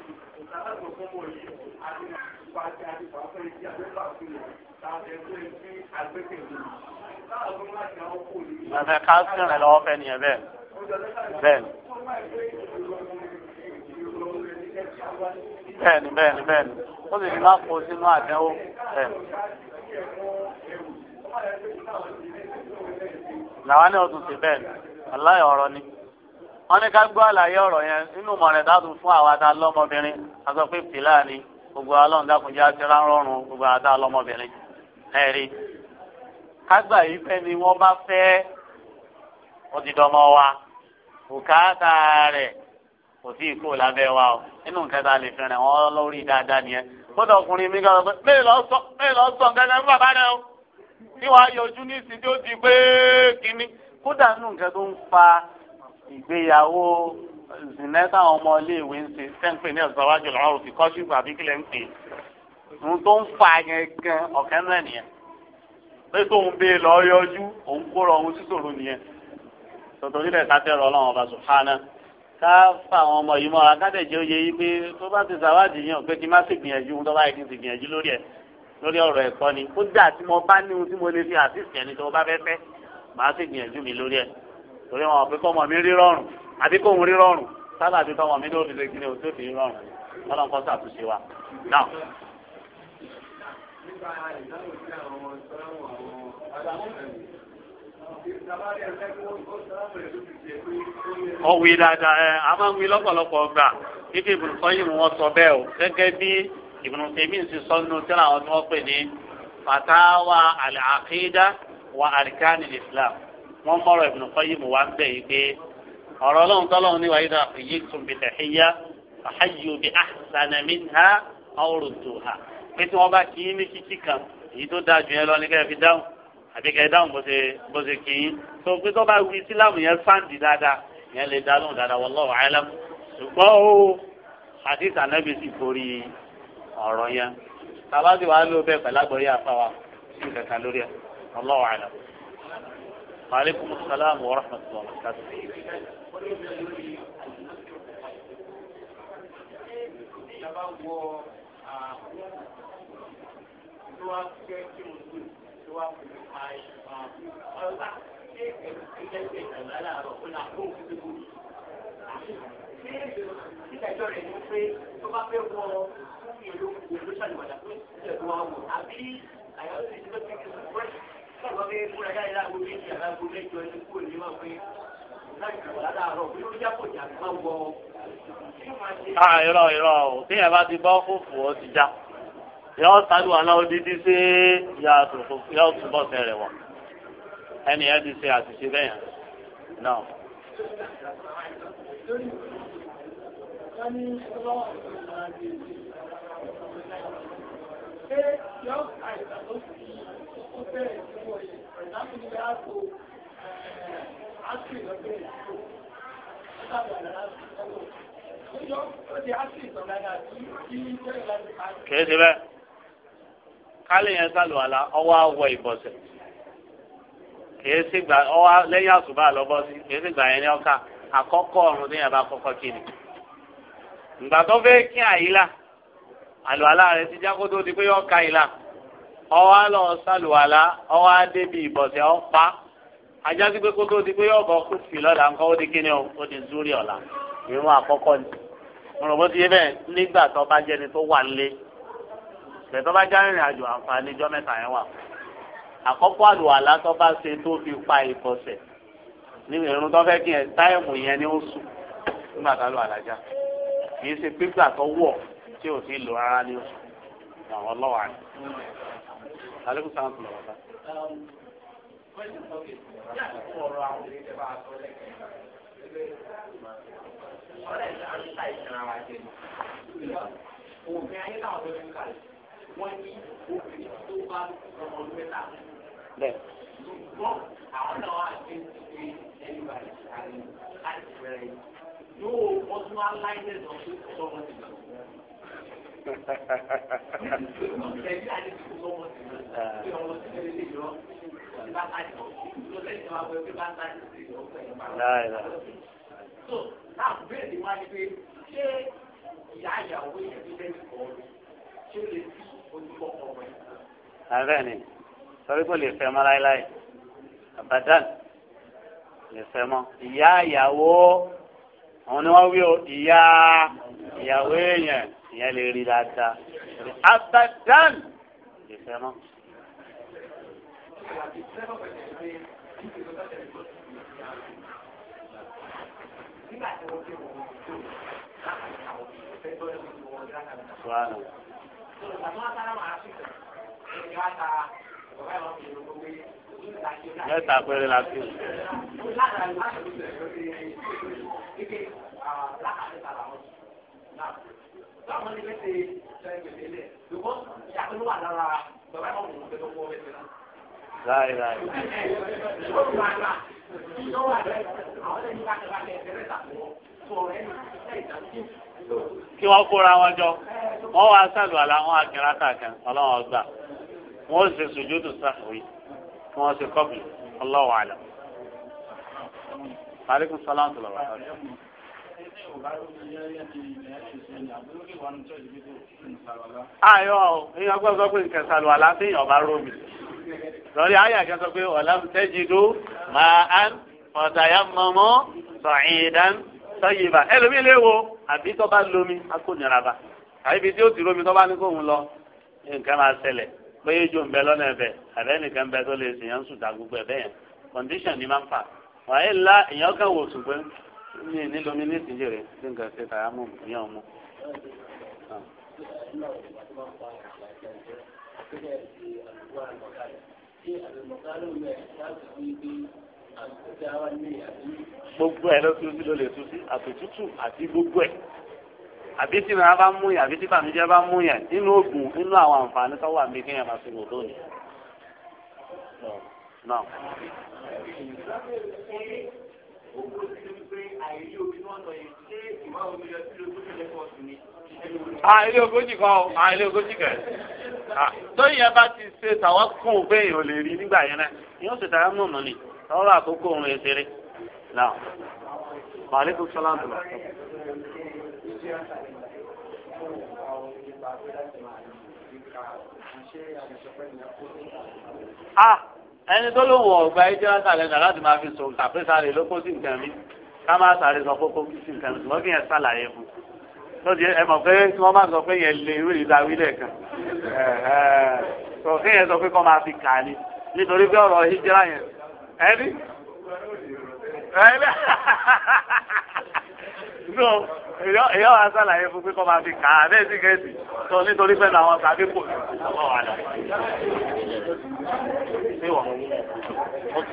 nípa àti àdìpọ̀ afẹ́ ìdí àgbẹ̀fà sílẹ̀ tàbí ẹgbẹ́ ìdí àgbẹ̀kẹ̀lẹ̀. láàbùn láti àwọn kò ní. bàbá káńsì rẹ̀ lọ́wọ́ fẹ́ nìyẹn bẹ́ẹ̀. bẹ́ẹ̀ ni. bẹ́ẹ̀ ni bẹ́ẹ̀ ni bẹ́ẹ̀ ni ó sì ní má kó sínú àdánwò bẹ́ẹ̀ ni. làwọn ní ọdún sí bẹ́ẹ̀ ni aláyọ̀ ọ̀rọ̀ ni wọ́n ní ká gbọ́ àlàyé ọ̀rọ̀ yẹn nínú mọ̀rẹ̀ dádùn fún àwa ta lọ́mọbìnrin a sọ pé pìlà ni gbogbo ọlọ́run dákunjẹ́ àtẹ́rà rọrùn gbogbo àdá ọlọ́mọbìnrin ẹ̀rí kágbà yìí fẹ́ ni wọ́n bá fẹ́ ó wa bùkátà rẹ̀ kò sí ìkó lábẹ́ wa o inú nǹkan tá a lè fẹ́ràn wọn lórí dáadáa nìyẹn gbọ́dọ̀ ọkùnrin mi gbọ́dọ̀ pé bẹ́ẹ̀ lọ sọ bẹ́ẹ̀ fún bàbá rẹ o tí wàá yọjú ní ìsìn tó ti pé kínní kódà nínú nǹkan ń fa ìgbéyàwó ìsìnlẹ̀ táwọn ọmọ iléèwé ń ṣe sẹ́ńpẹ̀ ní ọ̀sán wájú lọ́rùn ti kọ́ṣù àbí kílẹ̀ ń pè ohun tó ń fa yẹn gan ọ̀kẹ́ náà nìyẹn pé tóun bẹ́ẹ̀ lọ yọjú òun kó rọ ohun sísòro nìyẹn tòtòrí rẹ̀ ká fẹ́ràn ọlọ́run ọba sùhánà ká fa àwọn ọmọ yìí mọ́ra ká tẹ̀jẹ́ oyè yìí pé tó bá ti sàwádìí yàn pé kí n má sì gbìyànjú ohun tó bá yẹ kí n gbìyànjú lórí ẹ̀ lórí ọ̀rọ̀ ẹ̀kọ́ ni kódà tí mo bá ní ohun tí mo lè fi àtìsí ẹni tó bá fẹ́ fẹ́ màá sì gbìyànjú mi lórí ẹ̀ torí wọn ò pé kọ́ ọmọ mi rí rọrùn àbí kò ń rí rọrùn sábà bí tọmọ mi ní òbí lè gbé tó fi rọrùn Ọlọ́run kọ ṣàtúnṣe wa náà. ọ̀wì dáadáa ẹ̀ a máa ń wí lọ́pọ̀lọpọ̀ gbà kíkẹ́ ìbùnúkọ́ yìí wọ́n sọ bẹ́ẹ̀ o gẹ́gẹ́ bí ìbùnúkọ́ èmi ń sọ nínú tí àwọn tí pè ní fatawa al wa arkan islam wọ́n mọ̀rọ̀ ìbùnúkọ́ yìí wọ́n wá yìí pé ọ̀rọ̀ ọlọ́run tọ́lọ́run ní wàyí náà yìí tún bí tẹ̀híyá àhàyò bí àṣànàmí ha ọ̀rùn tó ha pé tí wọ́n bá kí í ní kíkí kan èyí tó dáa jù yẹn lọ ní kẹ́ ẹ fi dáhùn àbí kẹ́ ẹ dáhùn bó ṣe bó ṣe kì í tó pé tó bá wí síláàmù yẹn fáǹdì dáadáa yẹn lè dá lóhùn dáadáa wallahu a'lam ṣùgbọ́n o hadith anabi sì forí ọ̀rọ̀ yẹn tàbá sì wàá lò bẹ́ẹ̀ pẹ̀lú àgbọ̀rí àfáwà sí kankan lórí onígbà lórí ìjọba wọ tó wá fẹ́ kí mo tó tó wá fún mi pa ọlọ́pàá ṣé ẹgbẹ́ ṣe ìtàgbá láàárọ̀ ó là kó òkú tó kú. ṣé ìdájọ́ rẹ̀ ni pé tó bá fẹ́ wọ ìlú ìlú ṣàlùwàdà pé ìjọba wa wò àbí àyàwó ti ti tó ti kú. wọ́n ti sọ̀rọ̀ bí múra yára láàbò méjì àbábò mẹ́jọ ní kúrò ní Ah, irọ́ irọ́ o, téèyàn bá ti bọ́ fòfò ó ti já. Yọ sáré wà náà dídí sí yọ túbọ̀ sẹ̀rẹ̀ wọ̀. Ẹni ẹ ti ṣe àṣìṣe bẹ́ẹ̀ yẹn. Náà. Ṣé yọ àìsàn tó ti ó bẹ̀rẹ̀ sí Ìdáhùn ni a tó. kìí ṣe bẹ́ẹ̀ kálí yẹn sálùwàlà ọwọ́ awọ ìbọ̀sẹ̀ kìí ṣe gbà ọwọ́ lẹ́yìn àṣùbà sí kìí ṣe yẹn ní ọkà àkọ́kọ́ ọ̀run ní yàrá kọkọ kìíní. ìgbà tó fẹ́ kí àyílà àlùwàlà rẹ̀ ti já di pé ọkà àyílà alọ lọ sálùwàlà ọwọ́ adébí ìbọ̀sẹ̀ ọ̀pá. ajásí pé kótó di pé yóò kú sí lọ́la ńkọ́ ó di kíni o ó di zúrí ọ̀la ìrún àkọ́kọ́ ni mo rò bó ti yé bẹ́ẹ̀ nígbà tó bá jẹni tó wà lé bẹ́ẹ̀ tó bá já rìnrìn àjò àǹfààní ijọ́ mẹ́ta yẹn wà àkọ́kọ́ àlùwàlá tó bá ṣe tó fi pa ìbọ̀sẹ̀ ní ìrún tó fẹ́ kí ẹ táìmù yẹn ni ó sùn nígbà tó àlùwàlá já kì í ṣe pípà tó wọ̀ tí ò sí lò rárá ni ó sùn àwọn ọlọ́wà ni ọ̀rẹ́ ìta láìla. tó náà bẹ́ẹ̀ni wá ní pé ṣé ìyá ìyàwó yẹn tó lẹ́yìn kọ́ ṣé lè fi ojúbọ ni sọ́rí kò lè fẹ́ mọ́ láéláé àbádàn lè fẹ́ mọ́ ìyá ìyàwó àwọn ni wọ́n wí o ìyá ìyàwó yẹn ìyẹn lè rí dáadáa àbádàn lè fẹ́ mọ́. Claro. péré la fi. Láwọn ilé ṣe ṣe ìgbèsè lẹ̀, ṣùgbọ́n ìyàtọ̀ ló wà lára bàbá ìmọ̀ òun tó tó kọ́ ẹ̀sẹ̀ náà láì láì. kí wọ́n kóra wọn jọ wọ́n wá sàlù àlà wọn akẹ́rẹ́ àtàkàn ọlọ́wọ́n ọgbà wọ́n sì sùjúdù sàkóyè kí wọ́n sì kọ́bì ọlọ́wọ́ àlà. aleykum salaam tó lọ wá ayọ̀ ìyàgbọ́sọ pé nkẹsàlù àlá tí yàn bá rómi lórí àyà kan sọ pé ọ̀làm tẹ́jìdó máa ń ọ̀tàyà mọ́mọ́ sọ̀yìndán sọ̀yìnbà ẹlòmíì lè wo àbí tó bá lomi akóniraba àbí tí ó ti romi tó bá ní kóhun lọ nǹkan máa ṣẹlẹ̀ bóyá ejò ń bẹ lọ́nà ẹ̀bẹ̀ àbẹ́ nìkan bẹ tó lè sèyàn sùn dà gbogbo ẹ̀bẹ̀ yẹn condition ni máa ń fà wàá la èèyàn kan wò ṣùgbọ́n mi ní lomi ní ìsìnjẹ rẹ tí nǹkan ṣe tàyà mú ìyá ọmọ àpẹẹrẹ ti àdúgbò àlùmọ̀kálẹ̀ tí àlùmọ̀kálẹ̀ mẹ́ láti fi bí àtúntà wa ní àbí. gbogbo ẹ lọ́sùn sí ló lè tún sí àtútù àti gbogbo ẹ̀ àbí tí màá bá mú yàn àbí tí bàmíjẹ́ bá mú yàn nínú oògùn nínú àwọn àǹfààní tó wà ní kéèyàn máa fi wò lónìí. Náà. Òkú ti ń pé àìrí omi náà lọ yẹn ṣé ìwà omi lọ sí lójú ìlẹ́kọ̀ọ́ sí ni àìlé ogójì kan o àìlé ogójì kan tóyìn ẹ bá ti ṣe tàwọn kún pé èèyàn lè rí nígbà yẹn náà yóò ṣe tàwọn mọ̀mọ́ ni lọ́wọ́ àkókò òun èsèré náà maaleykum salaam tó lọ. ah ẹni tó lóun ọgbà ìjọba sàlẹ̀ náà láti máa fi sọ̀rọ̀ àpèsàlẹ̀ lókòsí nǹkan mi ká máa sàlẹ̀ sọ kókó sí nǹkan mi ṣùgbọ́n kí yẹn sàlàyé fún un lọ́dí ẹ mọ̀ pé tí wọ́n máa sọ pé yẹn lè irú ìdáwí lẹ́ẹ̀kan kí yẹn sọ pé kọ́ máa fi kà ní nítorí pé ọ̀rọ̀ hijira yẹn ẹni ẹni so èyàn wà sàlàyé fún pé kọ́ máa fi kà á bẹ́ẹ̀ sí kẹ́sì sọ nítorí pé làwọn tàbí kò lọ́wọ́ wà lọ. ok.